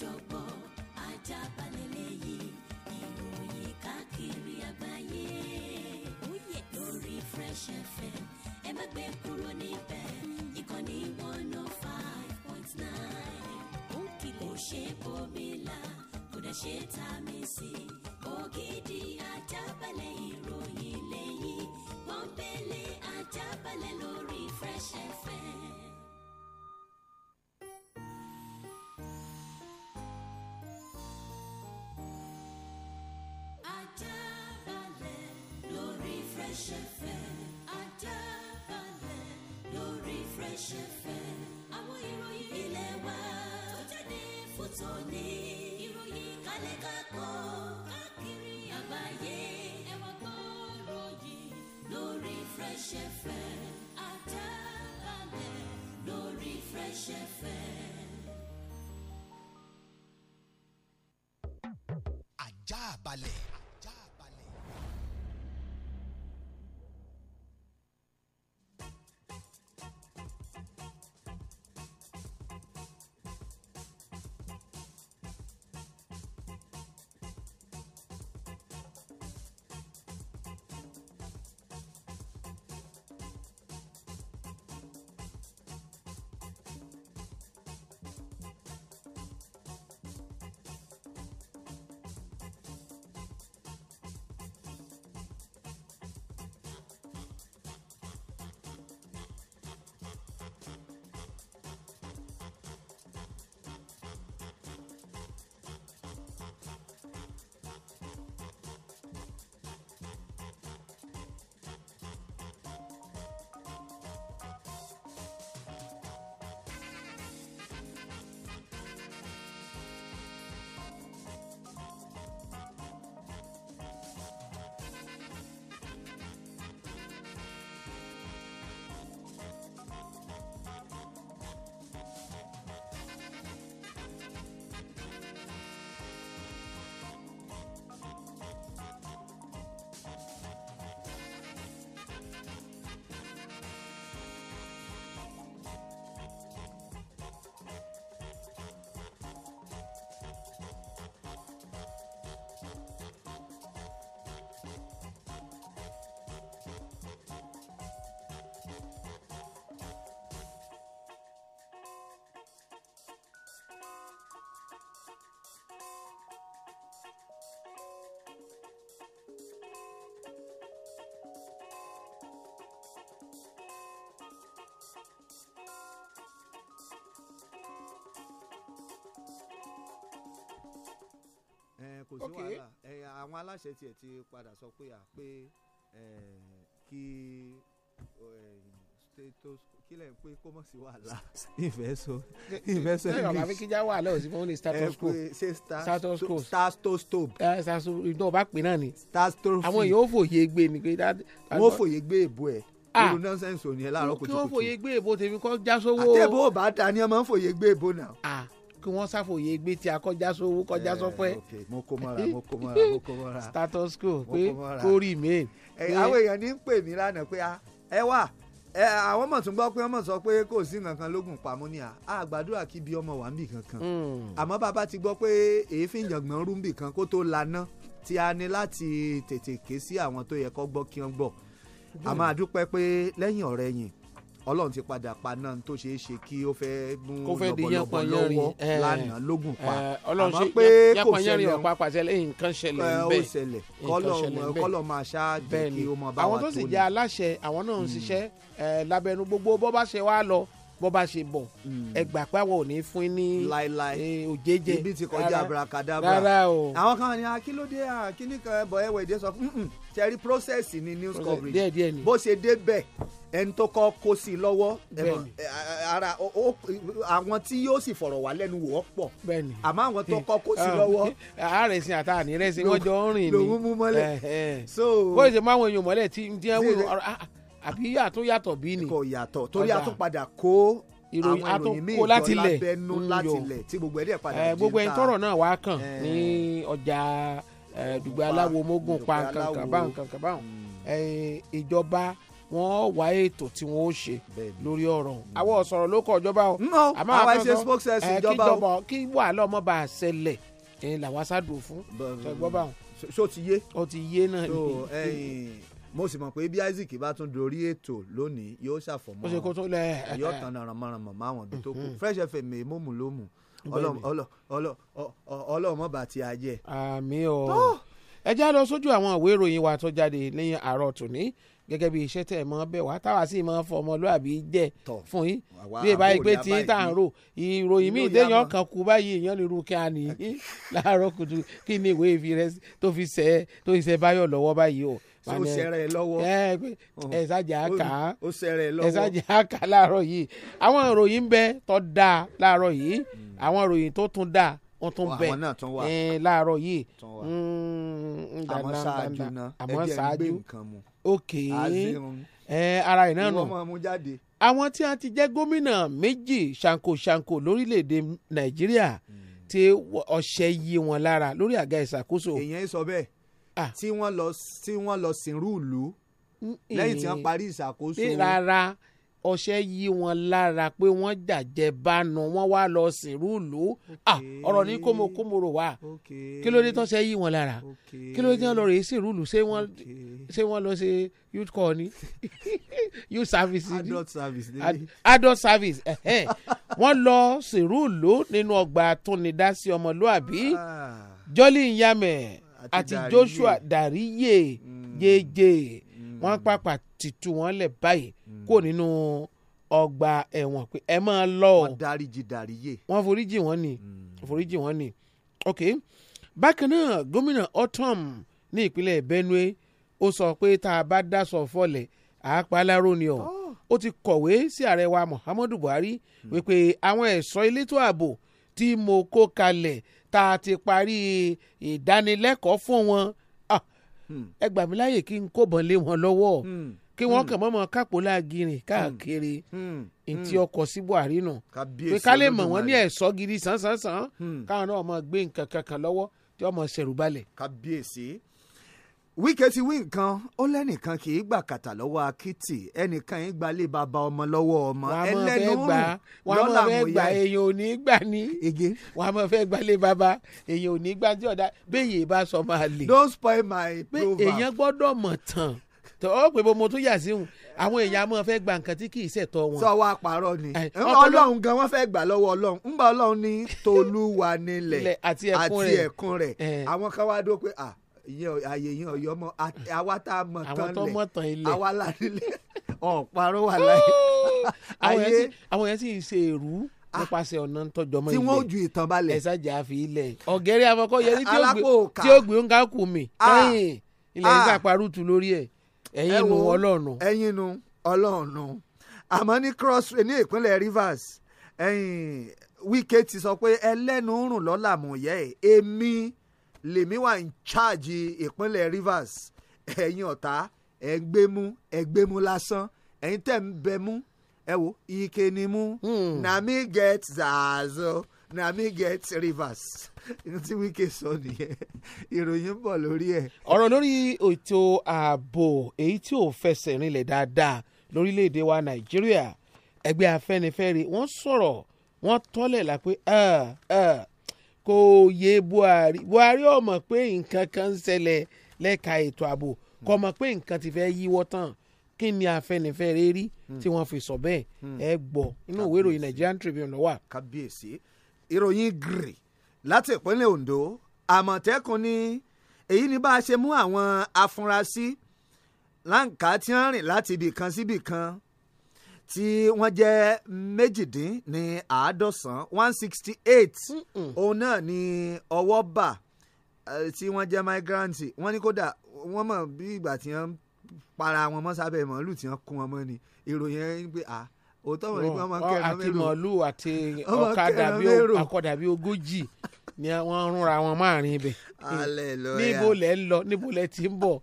ọ̀jọ̀gbọ́n Ajaabale lẹ́yìn ìròyìn káàkiri àgbáyé oh, lórí Fresh FM ẹ má gbé kúrò níbẹ̀ ìkànnì one oh five point nine kò ṣe bomi la kò dẹ̀ ṣe ta mi sí ògidì Ajaabale ìròyìn lẹ́yìn pọ́npẹ́lẹ́ Ajaabale lórí Fresh FM. àjàbalẹ̀ lórí Fresh FM àjàbalẹ̀ lórí Fresh FM àwọn ìròyìn ilé wa tó jáde fún tòní ìròyìn kálẹ̀ kákọ́ káàkiri àgbáyé ẹ wá gbọ́rọ̀ yìí lórí Fresh FM àjàbalẹ̀ lórí Fresh FM. balẹ̀. kò sí wàhálà àwọn aláṣẹ tiẹ̀ ti padà sọ pé à pé kí kí lẹ̀ ń pé kó mọ̀ sí wàhálà ìfẹ́sọ ìfẹ́sọ english. ṣé ọ̀bá kíjà wàhálà ò sí fún ní status quo status quo. ìdán ọba pè náà ni àwọn èèyàn fòye gbé ni. wọ́n fòye gbé èbó ẹ̀ ah. irú kí wọ́n fòye gbé èbó tèmi kọ́ já sówó. àtẹ̀bó ò bá ta ni ẹ máa ń fòye gbé èbó náà kí wọ́n ṣàfòye gbé tí a kọjá sówó kọjá eh, sọfẹ́. mo kó mọ́ra mo kó mọ́ra mo kó mọ́ra. status quo pé kórì mail. Eh, àwọn èèyàn ní pè mí lánàá pé ah, ẹ wà àwọn mọ̀ tún gbọ́ pé wọ́n mọ̀ sọ pé kò sí nǹkan lógun pamọ́ ni à kí bí ọmọ wà ń bì kankan hmm. àmọ́ bàbá ti gbọ́ pé èéfín jàngbọ̀n rú ń bì kan kó tó laná tí a ní láti tètè ké sí àwọn tó yẹ kó gbọ́ kí wọ́n gbọ́ àmọ́ àdúpẹ́ pé lẹ́yìn ọ̀rẹ́ ọlọ́run ti padà paná tó ṣeé ṣe kí ó fẹ́ mú lọ́bọ̀lọ́bọ̀ lọ́wọ́ lánàá lógun pa àmọ́ pé kò ṣẹlẹ̀ ọ̀pá pàṣẹ lẹ́yìn nǹkan ṣẹlẹ̀ bẹ́ẹ̀ ó ṣẹlẹ̀ kọ́lọ̀ máa ṣáájú kí ó mọ bá wa tó ní. àwọn tó sì jẹ́ aláṣẹ àwọn náà ń hmm. ṣiṣẹ́ lábẹ́nu gbogbo bó bá ṣe wá lọ bó bá ṣe bọ̀ hmm. ẹgbà pàwọ̀ ò ní fún ní eh, òjèjẹ ibi tí kọjá abrakadabra àwọn kan ní akílódé ah, ah, kíní kan bọ̀ ẹ̀wẹ̀ ìdí sọ fún tẹ̀rí process ni news coverage bó ṣe débẹ̀ ẹni tó kọ́ kó sí i lọ́wọ́ ara àwọn tí yóò sì fọ̀rọ̀ wá lẹ́nu wò ó pọ̀ àmọ́ àwọn tó kọ́ kó sí i lọ́wọ́. àárẹ̀sìn àti ànírẹ̀sìn wọ́n jọ ń rìn ni lòun mú mọ́lẹ̀. bó ṣe máa ń wọ èèyàn tí ń dín ẹ̀wò àbí yàtọ̀ yàtọ̀ bí ni. ikọ̀ yàtọ̀ torí a tún padà kó ìròyìn ìròyìn míì jọ lábẹ́nú látilẹ̀ tí gbogbo ẹ̀dẹ̀ padà jí ta gbogbo ẹ̀yìn tọrọ náà wá kàn ní ọjà dùgbẹ́ aláwo mógùn pa nǹkan báwọn nǹkan báwọn hmm. ìjọba wọn wá ètò tí wọn ó ṣe lórí ọ̀rọ̀ hmm. àwọn ọ̀sọ̀rọ̀ ló kọ ìjọba o. no àwa ṣe spokesperson ìjọba o. kí wàhálà ọmọ bá a ṣẹlẹ̀ làwọn aṣáàdùn fún ṣẹgbọ́n báwọn. so ti yé. o ti yé náà. so mo sì mọ̀ pé bí Isaac bá tún dorí ètò lónìí yóò ṣàfọ̀mọ́ yóò tán naranmaranmọ̀ máwọn ibi tó kù mm-hmm. Fresh FM mọ́mù lómù ọlọ́mọ bá ti ajẹ́. àmì o ẹ já lọ sójú àwọn ìwé ìròyìn wa tó jáde lẹ́yìn àárọ̀ tòní gẹ́gẹ́ bí iṣẹ́ tẹ̀ mọ́ bẹ́ẹ̀ wá táwa sì mọ́ fọmọlúàbí jẹ́ fún yín bí ìbáyìí pé tí tá à ń rò ìròyìn míì déyàn kan kú báyìí èèyàn lè ru kíá nìyí láàárọ̀ kùtù kí ni ìwé ìfi rẹ tó fi ṣe báyọ̀ lọ́wọ́ báyìí o so ó sẹ̀rẹ̀ lọ́wọ́ ẹ ṣáàjà àkà ẹ ṣáàjà àkà láàárọ̀ yìí àwọn ìròyìn ń bẹ tó dáa láàárọ̀ yìí hmm. àwọn ìròyìn tó tún dáa wọ́n tún bẹ̀ láàárọ̀ yìí hmm, àmọ́ ṣáájú náà àmọ́ ṣáájú ok ara ẹ̀ náà nù àwọn tí a ti jẹ́ gómìnà méjì ṣanko ṣanko lórílẹ̀ nàìjíríà hmm. tí ọ̀sẹ̀ yí wọn lára lórí àga ìṣàkóso. èèyàn sọ bẹ́ẹ̀ Ah. tí wọ́n lọ tí wọ́n lọ sìnrú ìlú lẹ́yìn tí wọ́n parí ìṣàkóso. rárá ọṣẹ yí wọn lára pé wọ́n jàjẹ́ bánu wọ́n wá lọ sìnrú ìlú ah, ọ̀rọ̀ ní kómokómoro wa kí ló dé tó ṣe yí wọn lára kí ló dé tó lọ rèé sìnrú ìlú ṣé wọ́n lọ ṣe youth call ni youth service ni adult service ni adult service wọ́n lọ sìnrú ìlú nínú ọgbà tónidásí ọmọlúàbí ah. jọ́lí ìyàmẹ̀ àti Joshua Dariye yeye mm. mm. wọ́n pàpà ti tú wọn lẹ̀ báyìí mm. kó nínú ọgbà ẹ̀wọ̀n pé ẹ máa lọ o wọ́n dáríjì Dariye wọ́n foríjì wọ́n ni foríjì wọ́n ni ok bákan náà gómìnà otom ní ìpínlẹ̀ Benue ó sọ pé tá a bá dáṣọ fọlẹ̀ àápaláró ni o oh. ó ti kọ̀wé sí ààrẹ wa Muhammadu Buhari wípé àwọn ẹ̀ṣọ́ elétò ààbò tí mo kó kalẹ̀ tá a ti parí ìdánilẹ́kọ̀ọ́ fún wọn hmm. ẹ gbà mí láyè kí n kóbọn lé wọn lọ́wọ́ hmm. kí wọ́n hmm. kàn mọ́mọ́ kápò láàgìrìn káàkiri ntí ọkọ̀ sí buhari nù pé ká lè mọ̀ wọ́n ní ẹ̀sọ́ gidi sánsánsán káwọn náà mọ̀ gbé nǹkan kankan lọ́wọ́ tí wọ́n mọ̀ ṣẹ̀rù balẹ̀. kábíyèsí Wike ti wí nǹkan ó lẹ́nìkan kì í gbà kàtà lọ́wọ́ akitì ẹnìkan yìí gbalẹ̀ bàbá ọmọ lọ́wọ́ ọmọ ẹlẹ́nu rùn lọ́la àmúyá ẹ̀. èèyàn ò ní gbà ní wàá mọ̀ fẹ́ gbalẹ̀ bàbá èèyàn ò ní gbà tí ọ̀dà béèyàn bá sọ máa lè. don't spoil my proverb. èèyàn gbọ́dọ̀ mọ̀ tán tọ́ pé mo tún yà sí wọn àwọn èèyàn máa fẹ́ gba nǹkan tí kì í ṣẹ̀tọ́ wọn. sọ wa pààrọ̀ ni ọlọ́run gan wọ́n fẹ́ gbà lọ́wọ́ ọlọ́run ńgbà ọlọ́run ní tolúwa nílẹ̀ àti ẹ̀kún rẹ̀ àwọn kan wá dó pé ah ìyẹn ààyè yẹn ọ̀yọ́ mọ́ àwa tá a mọ̀ tán lẹ̀ àwa là nílẹ̀ ọ̀parọ́ wà láyé. àwọn yẹn sì ṣe èrú ah. nípasẹ̀ ọ̀nà tọjọmọ ilé tí wọ́n ju ìtàn balẹ̀ ẹ̀sà jà fi ilẹ̀ ọ̀gẹ́rẹ́ afọkọ́yẹrí tí ó gbé ń ká kù mí lẹ́yìn ah. ilẹ̀ ń sàparùtù ah. lórí ẹ̀ ẹ̀yìn nu ọlọ́ọ̀nù. ẹ̀yìn nu ọlọ́ọ̀nù àmọ́ ní cross ní ìpínlẹ̀ Rivers ẹ̀yìn Wike ti sọ pé ẹlẹ́nu ń rùn lọ́làmúyẹ́ èmi lèmi wà ń ṣáàjì ìpínlẹ̀ Rivers ẹ̀yin ọ̀tá ẹ̀ ń gbé mú ẹ̀ gbé mú lásán ẹ̀yin tẹ̀ ń bẹ mú ẹ wo ike ni mú hmm. mi get zazo mi get Rivers tí Wike sọ nìyẹn ìròyìn bọ̀ lórí ẹ̀. ọ̀rọ̀ lórí ètò ààbò èyí tí ò fẹsẹ̀ rinlẹ̀ dáadáa lórílẹ̀‐èdè wa Nàìjíríà ẹgbẹ́ Afẹ́nifẹ́re wọ́n sọ̀rọ̀ wọ́n tọ́lẹ̀ la pé kò yé buhari buhari ò mọ̀ pé nǹkan kan ń ṣẹlẹ̀ lẹ́ka ètò ààbò kò mọ̀ pé nǹkan ti fẹ́ yíwọ́ tán kí ni Afẹ́nifẹ́re rí hmm. tí wọ́n fi sọ bẹ́ẹ̀ hmm. ẹ gbọ́ inú ìwé ìròyìn Nigerian Tribune ló wà. kábíyèsí ìròyìn gírì láti ìpínlẹ̀ Ondo Àmọ̀tẹ́kùn ni èyí ni bá a ṣe mú àwọn afurasí láǹkà tí wọ́n rìn láti ibì kan síbì kan tí wọ́n jẹ́ méjìdín ní àádọ́sán one sixty eight òun náà ni ọwọ́ bà tí wọ́n jẹ́ migrant wọ́n ní kódà wọ́n mọ̀ bí ìgbà tí wọ́n para wọn mọ́ sábẹ́ mọ́lù tí wọ́n kún wọn mọ́ ni ìròyìn ẹ̀ ń pè á òótọ́ wọn ni wọ́n máa ń kẹrin mẹ́rù àti mọ́lù àti ọ̀kadà bí akọ̀dà bí ogójì ni wọ́n ń rúnra wọn máàrin ibẹ̀ níbo lẹ́ ń lọ níbo lẹ́ ti ń bọ̀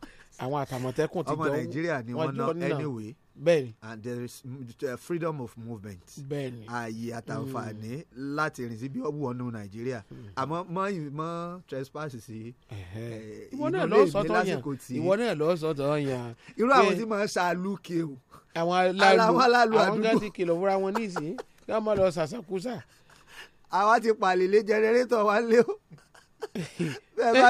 àwọn àtàmọ̀tẹ́kùn ti jọ ọmọ nàìjíríà ni wọ́n ná anyway bẹ́ẹ̀ni. and there is uh, freedom of movement. bẹ́ẹ̀ni ààyè àtàǹfààní hmm. láti rìn sí bí ọ̀bù ọ̀nù nàìjíríà hmm. àmọ́ mọ́ ìmọ̀ trespass sí. Eh, ìwọ náà lọ sọtọ yàn ìwọ náà lọ sọtọ yàn. irú àwọn tí máa ń ṣàlù ké o. àwọn aláàlú àwọn kan kìlọ̀ fúnra wọn nísìnyí kí wọ́n máa lọ sàṣàkúsà. àwa ti pàlélé jẹrẹrétọ̀ wa lé o. bẹ́ẹ̀ bá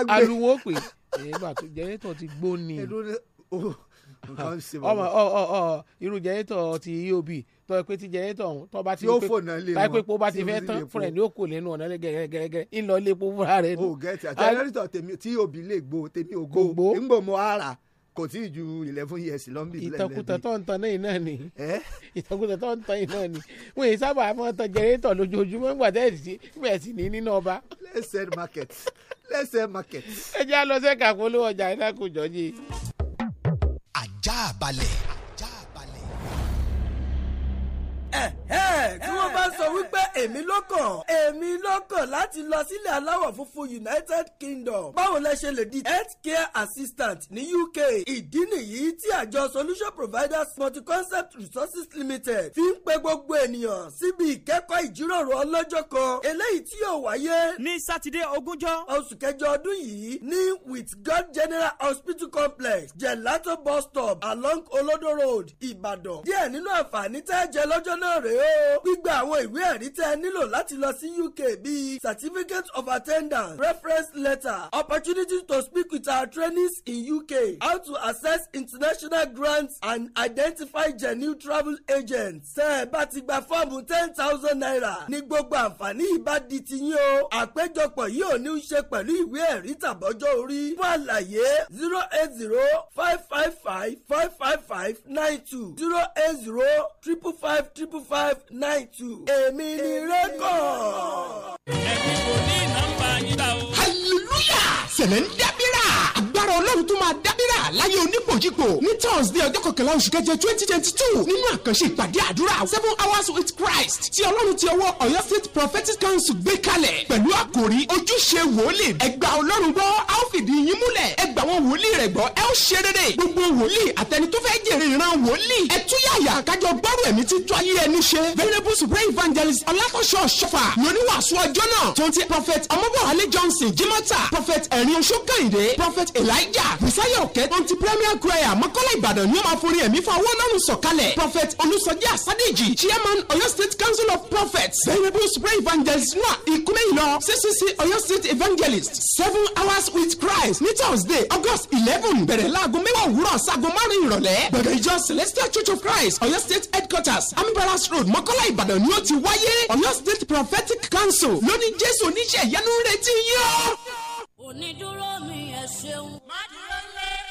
gbé aluwo ti gbó nǹkan ṣe bọ̀. ọmọ ọ ọ ọ irú jẹnẹtọ ti eob tọ pé ti jẹnẹtọ ọhún tọ bá ti pé báyìí pé epo bá ti fẹ́ tán fúnra ẹ̀ ní òkò lẹ́nu ọ̀nà gẹ́gẹ́gẹ́ ńlọ ilé epo fúnra rẹ̀. o gẹ́tì àti jẹnẹtọ tèmi tí eob lè gbó tèmi ò gbó ńgbò mo ara kò tí ì ju eleven years lọ ń bì lẹ́lẹ́bí. ìtọkùtọ̀ tó ń tan náà náà ni ìtọkùtọ̀ tó ń tan yìí náà ni wọ́n yìí sábà máa tan jẹrẹ́tọ̀ lójoojúmọ́ nígbà tẹ́ ẹ̀ sí bẹ́ẹ̀ sì ní nínú ọba. let's sell market let's sell market. ẹ jẹ́ àlọ́sẹ̀ kàkóló ọjà ìdákùjọ́ yìí balẹ̀. ẹ ẹ tí wọ́n bá sọ wípé èmi ló kàn èmi ló kàn láti lọ sílẹ̀ aláwọ̀ funfun United Kingdom báwo lẹ ṣe lè di health care assistant ní UK ìdí nìyí tí àjọ solution providers multi-concept resources limited fi ń pe gbogbo ènìyàn síbi ìkẹ́kọ̀ọ́ ìjíròrò ọlọ́jọ́ kan eléyìí tí yóò wáyé ní sátidé ogúnjọ́ oṣù kẹjọ ọdún yìí ní with God General Hospital Complex Gelato bus stop along Olodo road Ìbàdàn díẹ̀ nínú àǹfààní tẹ́ jẹ lọ́jọ́ náà rèé o gbígba àwọn ìwé ẹ̀rí tẹ́ ẹ nílò láti lọ sí UK bíi certificate of attendance reference letter opportunity to speak with our trainees in UK how to access international grants and identify genuine travel agents. tẹ́ ẹ bá ti gba fọ́ọ̀mù ten thousand naira ní gbogbo àǹfààní ìbá di ti yín o àpéjọpọ̀ yìí ò ní í ṣe pẹ̀lú ìwé ẹ̀rí tàbọ́jọ́ orí fún àlàyé zero eight zero five five five five five five nine two zero eight zero triple five triple five nine two èmi ni rékọ̀. ẹ̀mí kò ní nọ́mbà yín ta o. hallelujah sẹ̀mẹ̀ ń dábìrà agbára ọlọ́run tún máa dádírà láyé onípòjìpò ní thursday ọjọ́ kọkànlá oṣù keje twenty twenty two nínú àkànṣe ìpàdé àdúrà seven hours with christ tí ọlọ́run ti ọwọ́ ọ̀yọ́ state prophetic council gbé kalẹ̀ pẹ̀lú àkòrí ojúṣe wòlíì ẹgbà ọlọ́run gbọ́ a ó fìdí yín múlẹ̀ ẹgbà wọn wòlíì rẹ̀ gbọ́ ẹ ó ṣe rere gbogbo wòlíì àtẹni tó fẹ́ jèrè ìran wòlíì ẹ túyàyà kájọ gbọ́rù ẹ̀mí tí evangelist ọlákọ̀ṣọ́ ṣọ́fà lóníwàásù ọjọ́ náà tó ń ti prophet ọmọbọ̀wálé johnson jimota prophet ẹ̀rín oṣù prophet elá elijah busayo òkè tó ń ti premier choir mọ́kọ́lá ìbàdàn ni ó máa forí ẹ̀mí fún ọwọ́ ọlọ́run sọ̀kalẹ̀ prophet olùsọjí àsádéjì chairman Oyo state council of prophets venerable supreme evangelist noah ikumeyilọ ccc Oyo state evangelist seven hours with christ ní thursday august eleven bẹ̀rẹ̀ láago mẹ́wàá òwúrọ̀ sago márùn-ún ìrọ̀lẹ́ gbọ̀ngàn ìjọ celestial church of christ Oyo state headquarters amibaras road mọ́kọ́lá ìbàdàn ni ó ti wáyé ọ̀yọ́ state prophetic council lóní jésù oníṣẹ́ ìyanu ń retí yín onídúró mi ẹ ṣeun. má dúró lé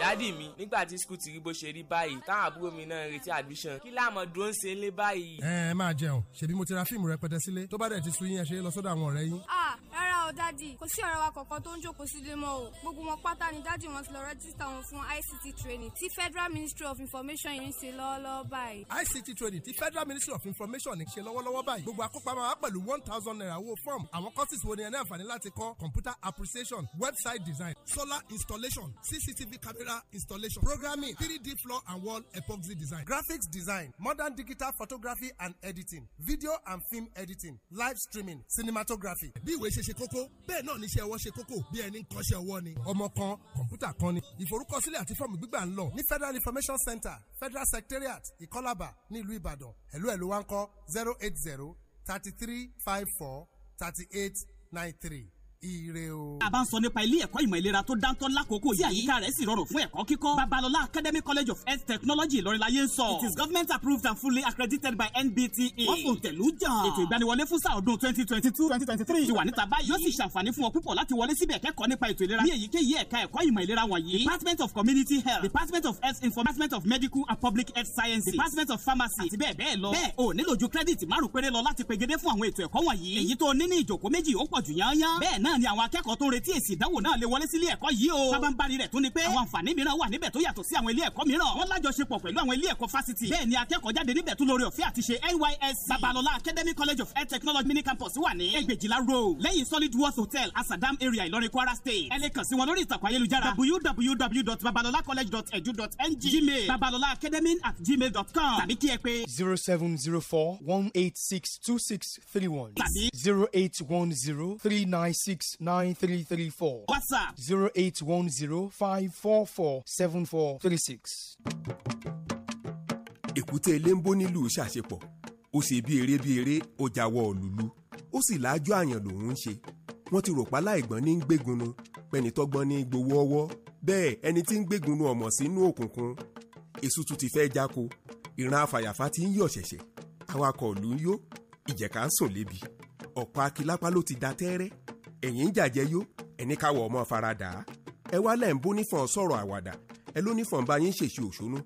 dádì mi nígbà tí skul ti rí bó ṣe rí báyìí táwọn àbúrò mi náà retí admission kí láàmú dúró ń ṣe lé báyìí. ẹ ẹ máa jẹun ṣebí mo ti ra fíìmù rẹpẹtẹ sílé tó bá dẹ̀ ti sun yín ẹ ṣe lọ sọ́dọ̀ àwọn ọ̀rẹ́ yín. a rárá o dádì kò sí ọ̀rẹ́ wa kankan tó ń jókòó sílé mọ́ o gbogbo wọn pátá ni dádì wọn ti lọ rẹ́jísítà wọn fún ICT training tí Federal Ministry of Information yìí ń ṣe lọ́wọ́lọ́wọ́ báyìí. ICT training tí Federal Ministry of Information ń ṣe lọ́wọ́lọ́wọ́ báyìí gbogbo akópa máa wá pẹ̀lú one thousand naira owó fọ́ọ̀mù àwọn courses wo ni ẹ ní àǹfààní láti kọ́ computer appreciation website design solar install installation cctv camera installation programming 3d floor and wall epoxy design graphics design modern digital photography and editing video and film editing live streaming cinematography. bí ìwé ṣe ṣe kókó bẹ́ẹ̀ náà níṣẹ́ ọwọ́ ṣe kókó bí ẹni ń kọ́ṣẹ́ ọwọ́ ni ọmọ kan kọ̀ǹpútà kan ni ìforúkọsílẹ̀ àti fọ́ọ̀mù gbígbà ń lọ ní federal information center federal secretariat ìkọ́lábà nílùú ìbàdàn ẹ̀lú ẹ̀lú wa ń kọ́ zero eight zero thirty three five four thirty eight nine three ire o. a bá ń sọ nípa ilé ẹ̀kọ́ ìmọ̀ ìlera tó dáńtọ́ lákòókò yìí. tí àyíká rẹ̀ sì rọrùn fún ẹ̀kọ́ kíkọ́. babalọla academy college of health technology ìlọrinláyé ń sọ. it is government approved and fully accredited by NBTA. E. wọ́n fún tẹ̀lú jàn. ètò ìgbaniwọlé fún sáà ọdún twenty twenty two twenty twenty three. ti wà níta báyìí. yóò sì ṣàǹfààní fún ọ púpọ̀ láti wọlé síbẹ̀ kẹ́kọ̀ọ́ nípa ètò ìlera. ní èyíkéyìí ẹ̀ka ẹ̀kọ́ ìmọ̀ ìlera wọ̀nyí. department of community health department of health department of medical and public health sciences department of pharmacy àti bẹ́ẹ̀ bẹ́ẹ̀ lọ. bẹ́ẹ̀ o nílò ju kírẹ́dìtì márùn-ún péré lọ láti pegedé fún àwọn ètò ẹ̀kọ́ wọ̀nyí. èyí tó ní ní ìjòkó méjì ó pọ̀ jù yán náà ni àwọn akẹ́kọ̀ọ́ tó ń retí èsì ìdánwò náà lè wọlé sílé ẹ̀kọ́ yìí o. sábàǹbarì rẹ̀ tún ni pé àwọn àǹfààní mìíràn wà níbẹ̀ tó yàtọ̀ sí àwọn ilé ẹ̀kọ́ mìíràn. wọ́n lájọṣepọ̀ pẹ̀lú àwọn ilé ẹ̀kọ́ fásitì. bẹ́ẹ̀ ni akẹ́kọ̀ọ́ jáde níbẹ̀ tún lórí ọ̀fẹ́ àti ṣe NYSC Babalọlá Academy College of Health Technology mini campus wà ní ẹgbẹ̀jìlá road lẹ́yìn Solid Worth Hotel Asadam area Ìlọrin Kwara State. ẹ lè kàn sí three nine six six nine three three four. WhatsApp zero eight one zero five four four seven four three six. èkúté ilé ń bó nílùú ṣàṣepọ̀ ó ṣe bí eré bí eré ó jáwọ́ òlùlù ó sì láájú àyàn lòún ń ṣe wọ́n ti rò pa láìgbọ́n ní gbégunnu pẹ̀nitọ́gbọ́n ní gbowó ọwọ́ bẹ́ẹ̀ ẹni tí ń gbégunnu ọmọ sínú òkùnkùn èso tún ti fẹ́ jáko ìran afàyàfà ti ń yọ̀ ṣẹ̀ṣẹ̀ awakọ̀ ìlú ń yó ìjẹ̀ka ń sùn lébi ọ̀pọ̀ akilápá ló ti da tẹ́rẹ́ ẹ̀yin jàjẹ́ yó ẹni káwọ̀ ọmọ farada ẹ wá lẹ́ ń bó nífọ̀n sọ̀rọ̀ àwàdà ẹ ló nífọ̀n bá yín ṣèṣe òṣónú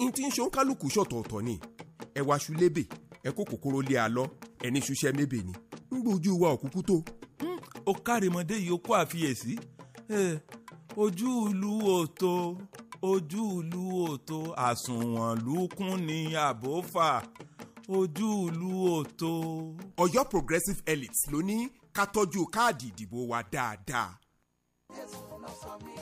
yín tí ń ṣe ń kálukú ṣọ̀tọ̀ọ̀tọ̀ ni ẹ wá aṣu lébè ẹ kó kòkòrò lé alọ́ ẹni ṣuṣẹ́ mébè ni ń gbójú wa òkúkú tó. ó kárìmọ́dé yìí ó kó àfiyèsí ojú ìlú òtó ojú ìlú òtó àsùnwọ̀n lukùn ní àbófà ojú ìlú òtó. Ọ̀yọ́ progressive elite ló ní ká tọ́jú káàdì ìdìbò wa dáadáa. Jésù ló sọ mí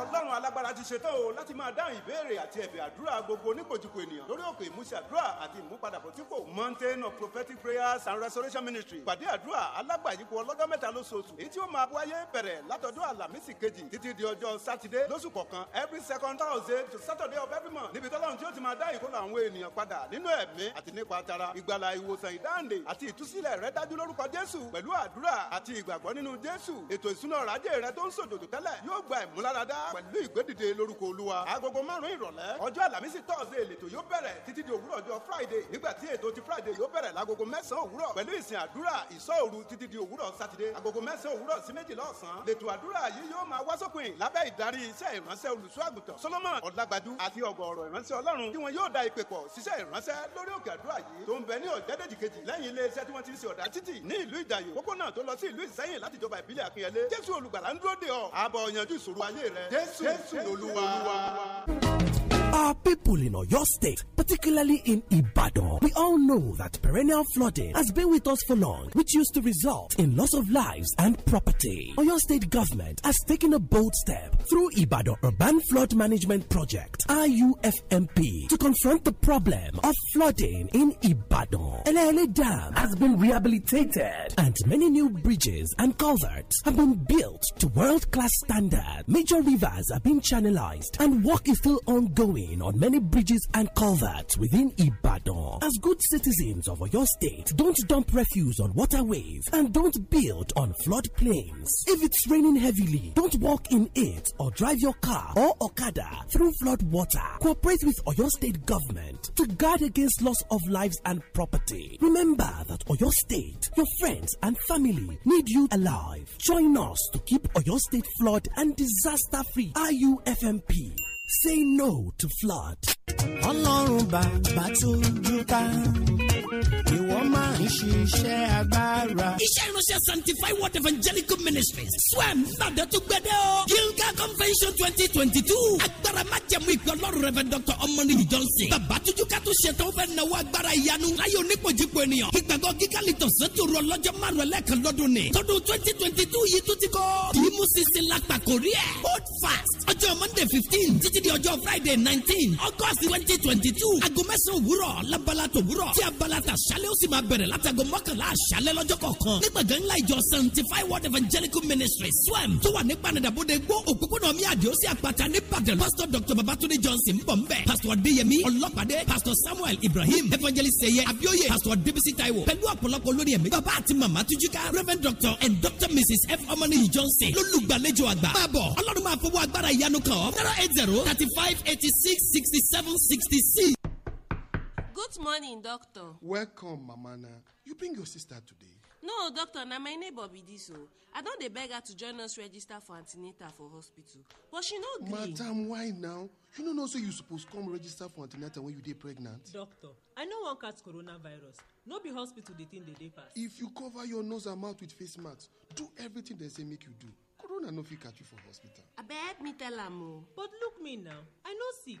ọlọ́run alágbára ti ṣetán o láti máa dáhùn ìbéèrè àti ẹ̀bẹ̀ àdúrà gbogbo oníkojúko ènìyàn lórí òkè ìmúṣẹ àdúrà àti ìmúpadàbọ̀ tí kò mountain of prophetic prayers and restoration ministry pàdé àdúrà alágbàyípo ọlọ́jọ́ mẹ́ta lóṣooṣù èyí tí ó máa wáyé bẹ̀rẹ̀ látọjọ́ àlàmísì kejì títí di ọjọ́ sátidé lóṣù kọ̀ọ̀kan every second thursday to saturday of every month níbi tọ́lọ́run tí ó ti máa dá ìkólọ àwọn ènìyàn padà nínú ẹ̀mí àti nípa tara ìgbàlà ìwòsàn ìdáǹdè àti ìtúsílẹ̀ rẹ dájú lórúkọ jésù pẹ̀lú àdúrà àti ìgbàgbọ́ nínú jésù ètò ìsúná ọ̀rọ̀ ajé rẹ tó ń ṣòjòjò tẹ́lẹ̀ yóò gba ìmúláradá mẹ́wàá pẹ̀lú ìgbédìde lórúkọ olúwa. agogo márùn-ún ìrọ̀lẹ́ ọjọ́ àlàmísì tọ́sídẹ̀ẹ́ lètò yóò bẹ̀rẹ̀ títí di òwúrọ̀ ọjọ́ friday nígbà tí ètò ti friday yóò bẹ̀rẹ̀ lágogo mẹ́sàn-án òwúrọ̀ pẹ̀lú ìsìn àdúrà ìsọ̀òru títí di òwúrọ̀ sátidé agogo mẹ́sàn-án òwúrọ̀ sí méjìlá ọ̀sán lètò àdúrà yìí yóò máa wá sópin lábẹ́ ìdarí iṣẹ́ ìránṣẹ́ olùṣọ́àgùtàn solomon ọ̀làgbàdú àti ọ̀gọ̀ọ̀rọ̀ ìránṣẹ́ ọlọ́run tí wọn yóò da ìpè pọ̀ ṣiṣẹ́ ìránṣẹ́ lórí òkè àdúrà yìí tó ń bẹ ní ọ̀jẹ́dẹ́jì kejì lẹ́yìn iléeṣẹ́ tí wọ́n ti ń ṣe ọ̀dà títì ní ìlú ìdàyò kókó náà tó lọ sí ìlú ìsẹ́yìn láti jọba ìbílẹ̀ àpínyẹlé jésù olùgbàlà ń dúró de ọ àbọ̀ ọ̀yànjú ìṣòro ayé rẹ jésù jésù lolúwa. Our people in Oyo State, particularly in Ibadan, we all know that perennial flooding has been with us for long, which used to result in loss of lives and property. Oyo State government has taken a bold step through Ibadan Urban Flood Management Project (IUFMP) to confront the problem of flooding in Ibadan. Elele Dam has been rehabilitated, and many new bridges and culverts have been built to world-class standard. Major rivers have been channelized, and work is still ongoing on many bridges and culverts within Ibadan. As good citizens of your state, don't dump refuse on waterways and don't build on floodplains. If it's raining heavily, don't walk in it or drive your car or Okada through flood water. Cooperate with Oyo State government to guard against loss of lives and property. Remember that Oyo State, your friends and family need you alive. Join us to keep Oyo State flood and disaster free. IUFMP. Say no to flood. ọlọ́run bàbá tó dúpá ìwọ máa ń ṣiṣẹ́ agbára. iṣẹ́ ìránṣẹ́ sanctify word evangelical ministries swam gbàdé tó gbẹdẹ o. yinka convention twenty twenty two agbára májẹ̀mú ìgbọ́lọ́rù rẹ̀ dr ọmọnìyí johnson. bàbá tuntun ká tó ṣètò fẹ́ náwó agbára ìyanu láyé onípojípo ènìyàn. ìgbàgbọ́ gígálì tọ̀sán tó ru ọlọ́jọ́ márùn ẹlẹ́kan lọ́dún ni. tọdún twenty twenty two yìí tó ti kọ́. dìímù sísin la pàkórí ẹ̀. hold fast ọjọ́ monday fifteen títí di ọjọ́ friday nineteen august twenty twenty two ago mẹ́sàn-án òwúrọ̀ lábala tòwúrọ̀ tí abala mọ́kànlá ta ṣálẹ́ ó sì máa bẹ̀rẹ̀ látago mọ́kànlá àṣálẹ́ lọ́jọ́ kọ̀ọ̀kan ní gbọ̀ngàn ńlá ìjọ sanctify world evangelical ministry swem tó wà ní gbanadàbọ̀dẹ gbó òpópónà mi àdìó sí àpáta ní Ìbàdàn pastor dr babatunde johnson bọ̀ nbẹ pastor adéyẹmí ọlọ́pàdé pastor samuel ibrahim evangelist seye abioye pastor debisi taiwo pẹ̀lú ọ̀pọ̀lọpọ̀ olórí ẹ̀mí bàbá àti màmá tujuka reverend doctor and doctor mrs f ọmọnìyí johnson lólùgbàlejò àgbà máa bọ̀ ọlọ́run máa fọwọ́ agbára ìyanu kan zero eight zero thirty five eighty six sixty seven sixty six. morning doctor welcome mamana you bring your sister today no doctor na my neighbor be dis oh. I don't beg her to join us register for antenatal for hospital but she no gree madam why now you no know say you suppose come register for antenatal when you dey pregnant doctor i know one catch coronavirus no be hospital the thing the dey pass if you cover your nose and mouth with face mask do everything they say make you do corona no fit catch you for hospital I beg me tell am oh. but look me now i no sick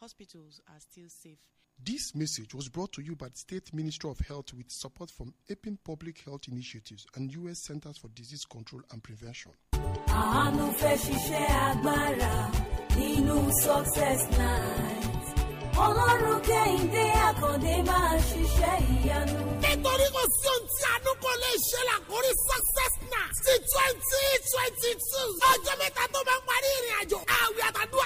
hospitals are still safe. This message was brought to you by the State Ministry of Health with support from APIN Public Health Initiatives and U.S. Centers for Disease Control and Prevention. ọlọ́run kẹ́hìndé àkàndé máa ṣiṣẹ́ ìyanu. nítorí kò sí ohun tí àánú lè ṣe làkórí success na ti twenty twenty two. ọjọ́ mẹ́ta tó bá ń parí ìrìn àjò àwìn àtàdúrà.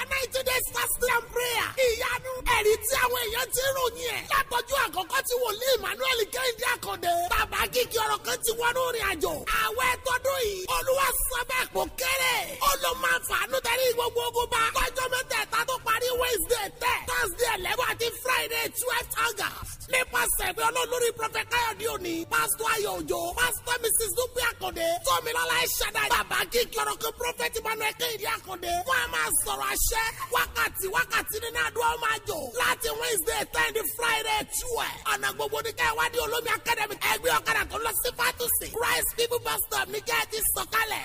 Praise Fasting and Prayer. Ìyanu ẹ̀rí tí àwọn èèyàn ti ròyìn ẹ̀. Látọjú àkọ́kọ́ tí wòlíì Emmanuel Kẹ́hìndé Àkàndé. Bàbá kìkì ọ̀rọ̀ kan ti wọnú ìrìn àjò. Àwẹ̀ tọdún yìí. Olúwa sọ bẹ́ẹ̀ kò kéré. Ó ló máa fàánú tẹ́lẹ̀ gbogbo ogun bá. Lọ́jọ́ mẹ́tẹ̀ẹ̀ta tó parí Wednesday tẹ̀. Thursday eleven àti Friday twelve August. nípasẹ̀ pé olólórí prọfẹ̀t káyọ̀dé òní pásítọ̀ ayọ̀ òjò pásítọ̀ mrs dúpẹ́ àkàndé tómìlọ́lá ẹ̀ṣadá bàbá kíkì ọ̀rọ̀ kan prọfẹ̀t emmanuel kéde àkàndé wọ́n a sọ̀rọ̀ àṣẹ wákàtí wákàtí nínú àdúrà ọmọ àjò láti wednesday ten friday twelve ọ̀nà gbogbo ní ká ìwádìí olómi academy ẹgbẹ́ ọ̀kadà tó lọ sí fatusi christ people bus stop ní ẹ ti sọ̀kalẹ̀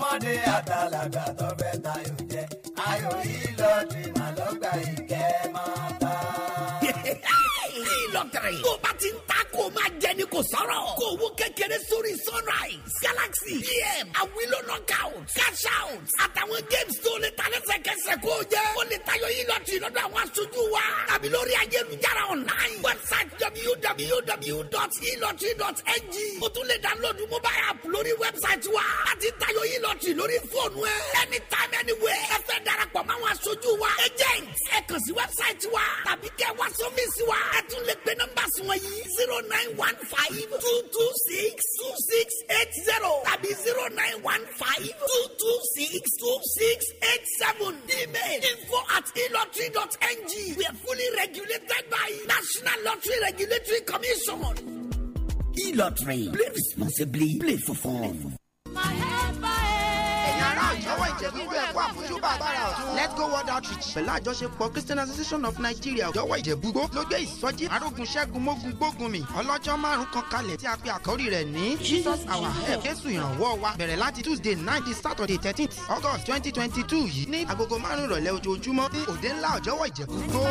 mi àtà alàgbà tó fẹ́ tayò jẹ ayò yìí lọ́ọ́ dìmọ̀ lọ́gbà ìkẹ́ máa doctrine. tó o bá ti ń ta kó o máa jẹ ni kò sọ̀rọ̀. kó owó kékeré sórí sunrise galaxy pm e awilo knockout cash out àtàwọn games tó lè ta lẹ́sẹ̀kẹsẹ̀ kó o jẹ́. ó lè tayọ yìí lọ́tì lọ́dọ̀ àwọn aṣojú wa tàbí lórí ayélujára online website www.elotry.ng o tún lè download mobile app lórí website wa láti tayọ yìí lọ́tì lórí fóònù ẹ anytime anywhere ẹ fẹ́ darapọ̀ mọ́ àwọn aṣojú wa agent ẹ kàn sí website wa tàbí kẹ́ wá sọ́fíìsì wa ẹ tún lè pè The numbers were 0915 226 2680 tàbí 0915 226 2687. Email info at elottery.ng. We are fully regulated by National Lottery Regulatory Commission. E-Lottery. Play responsibly. Play for fun. My ìnáwó ìjẹ̀bú ẹ̀kọ́ àfojúbà agbára ọ̀tún. let's go world outreach. pẹ̀lú àjọṣepọ̀ christian association of nigeria ìjọwọ́ ìjẹ̀búgbó ló gbé ìsọjí arógun ṣẹ́gun mógun gbógun mi ọlọ́jọ́ márùn kan kalẹ̀ tí a pe àkórí rẹ̀ ní jesus our help jésù ìrànwọ́ wa bẹ̀rẹ̀ láti tuesday nine to saturday thirteenth august twenty twenty two yìí ní agogo márùn-ún ìrọ̀lẹ́ ojoojúmọ́ ní òde ńlá ọ̀jọ̀wọ́ ìjẹ̀búgbó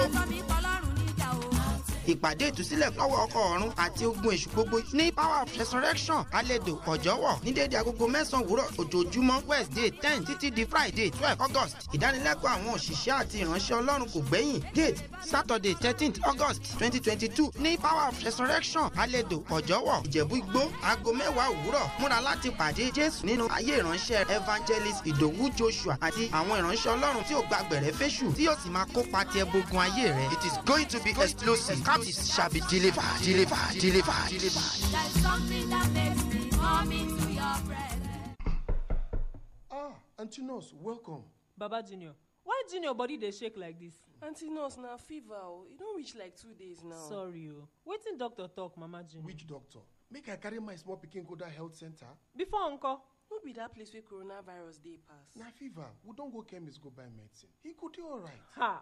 ìpàdé ìtúsílẹ̀ lọ́wọ́ ọkọ̀ ọ̀run àti ogun èṣù gbogbo ní power of resurrection alẹ́dò ọ̀jọ́wọ̀ ní dédé agogo mẹ́sàn-án òwúrọ̀ ojoojúmọ́ wednesday ten títí di friday twelve august ìdánilẹ́kọ̀ọ́ àwọn òṣìṣẹ́ àti ìránṣẹ́ ọlọ́run kò gbẹ́yìn date saturday thirteen august twenty twenty two ní power of resurrection alẹ́dò ọ̀jọ́wọ̀ ìjẹ̀bú igbó aago mẹ́wàá òwúrọ̀ múra láti pàdé jésù nínú ayé ìránṣẹ́ evangelist ìdòwú joshua àti àwọn ìránṣẹ́ ọlọ́run tí ò gbàgbẹ̀rẹ̀ fẹ́ṣù tí yóò sì máa kópa tiẹ̀ gbógun ayé rẹ̀ it is going to be explosive promises shall be delivered, delivered, delivered, delivered. Ah, Auntie Nurse, welcome. Baba Junior, why junior body they shake like this. aunty nurse na fever It e don't reach like two days now. sorry o wetin doctor talk mama junior. which doctor make i carry my small picking go dat health center. before Uncle, no be that place where coronavirus day pass. na fever we don't go chemist go buy medicine he go dey alright. ha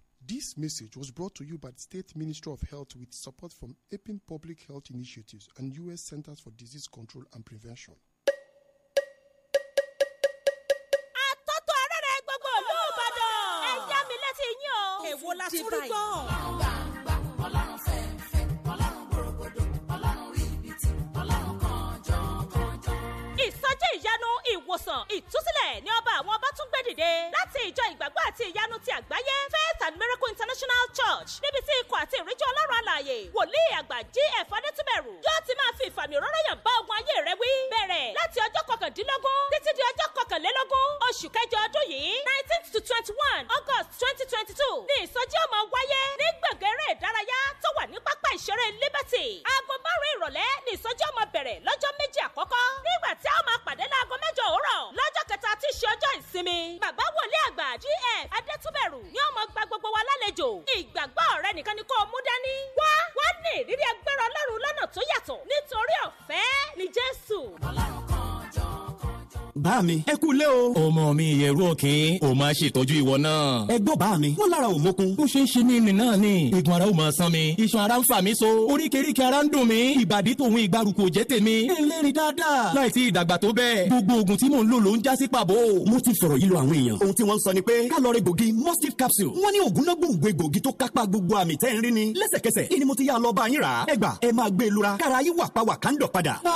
This message was brought to you by the State Ministry of Health with support from APIN Public Health Initiatives and U.S. Centers for Disease Control and Prevention. Ẹ yá la tún gbọ́? ìwòsàn ìtúsílẹ̀ ni ọba àwọn ọba tún gbé dìde láti ìjọ ìgbàgbọ́ àti ìyanu ti àgbáyé faith and miracle international church níbi tí ikọ̀ àti ìríjọ́ ọlọ́run alààyè wòlíì àgbà gf adétúbẹ̀rù yóò ti máa fi ìfàmì òróró yàn bá ogun ayé rẹ wí bẹ̀rẹ̀ láti ọjọ́ kọkàndínlógún títí di ọjọ́ kọkànlélógún oṣù kẹjọ ọdún yìí nineteen to twenty one august twenty twenty two ni ìsọjí ọmọ wáyé ní gbẹ̀gẹ́rẹ́ ìdárayá tó wà ní pápá ìṣeré liberty aago bá mi ẹ kú o. ọmọ mi ìyẹ̀rú òkín o máa ṣètọ́jú ìwọ náà. ẹ gbọ́ bá mi wọ́n lára ò mókun. ó ṣe ń ṣe ní ìrìn náà ni igun ara ò máa san mi iṣan ara ń fà mí so oríkèéríkèé ara ń dùn mí ìbàdí tòun ìgbàrúkọ jẹ́ tèmi. ẹlẹ́rìí dáadáa láì sí ìdàgbà tó bẹ́ẹ̀ gbogbo oògùn tí mò ń lò ló ń já sí pàbó. mo ti fọ̀rọ̀ yí lọ àwọn èèyàn ohun tí wọ́n ń sọ ni pé kálọ̀rì gògì mostif capsule wọ́n ní oògùn náà gbòǹgbò egbògi tó kápá gbogbo àmì tẹ́ ń rí ni lẹ́sẹ̀kẹsẹ̀ ìní mo ti yá lọ bá yín rà á ẹ gbà ẹ máa gbé e lura kára yín wà pa wà ká ń dọ̀ padà. Ah,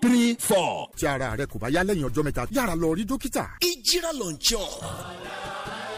three four. tí ara rẹ kò bá yá lẹ́yìn ọjọ́ mẹ́ta yára lọ rí dókítà. ìjírà lọ́njọ́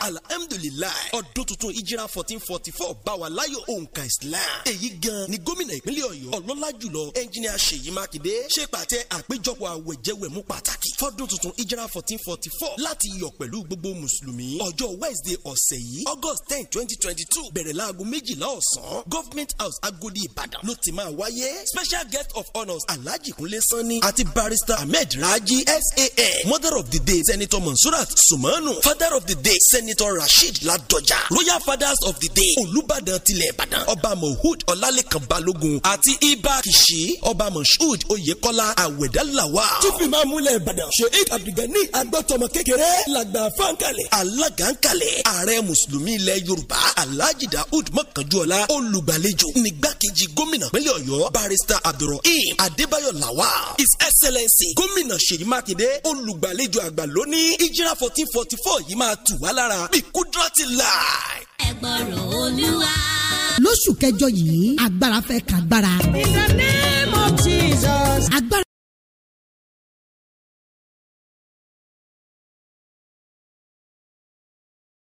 alhamdulilayi ọdún tuntun ìjírà fourteen forty four bá wa láyọ̀ òǹkà islam èyí gan ni gómìnà ìpínlẹ̀ ọ̀yọ́ ọlọ́lá jùlọ ẹnjìnìà ṣèyí mákindé ṣe pàtẹ àpéjọpọ̀ àwẹ̀jẹwẹ̀mú pàtàkì fọ́dún tuntun ìjírà fourteen forty four láti yọ̀ pẹ̀lú gbogbo mùsùlùmí ọjọ́ wednesday ọ̀sẹ̀ yìí august ten twenty twenty two bẹ̀rẹ̀ láago méjìlá ọ̀sán government house agodi ìbàdàn ló ti máa wáyé special guest of honours alhaji kunle sanni àti barrister ahmed raji saa mother of the day senator mansurat sumanu father of the day senator senator rasheed ladọjà royal fathers of the day olùbàdàn tilẹ̀ ìbàdàn ọba mohud ọlálẹ́kan balógun àti ibà kìṣí ọba moshood oyèkọ́lá àwẹ̀dálàwà. tífì máa múlẹ̀ ìbàdàn sheikh abdulgani agbọ́tọmọ kékeré làgbà fáńkalẹ̀. alága ń kalẹ̀ ààrẹ mùsùlùmí ilẹ̀ yorùbá alhaji daoud mọ̀kànjúọlá olùgbàlejò nígbàkejì gómìnà pínlẹ̀ ọ̀yọ́ barrister abdulrahim adébáyọ̀ làwà his excellency gómìnà ṣèyí mákindé olùgbàlejò àgbà lónìí ìjírà fourteen forty four yìí máa tù wá lára bí kúdírọ́tì là. ẹgbọrọ olúwa. lóṣù kẹjọ yìí agbára fẹ́ kàgbára. in the name of Jesus. agbára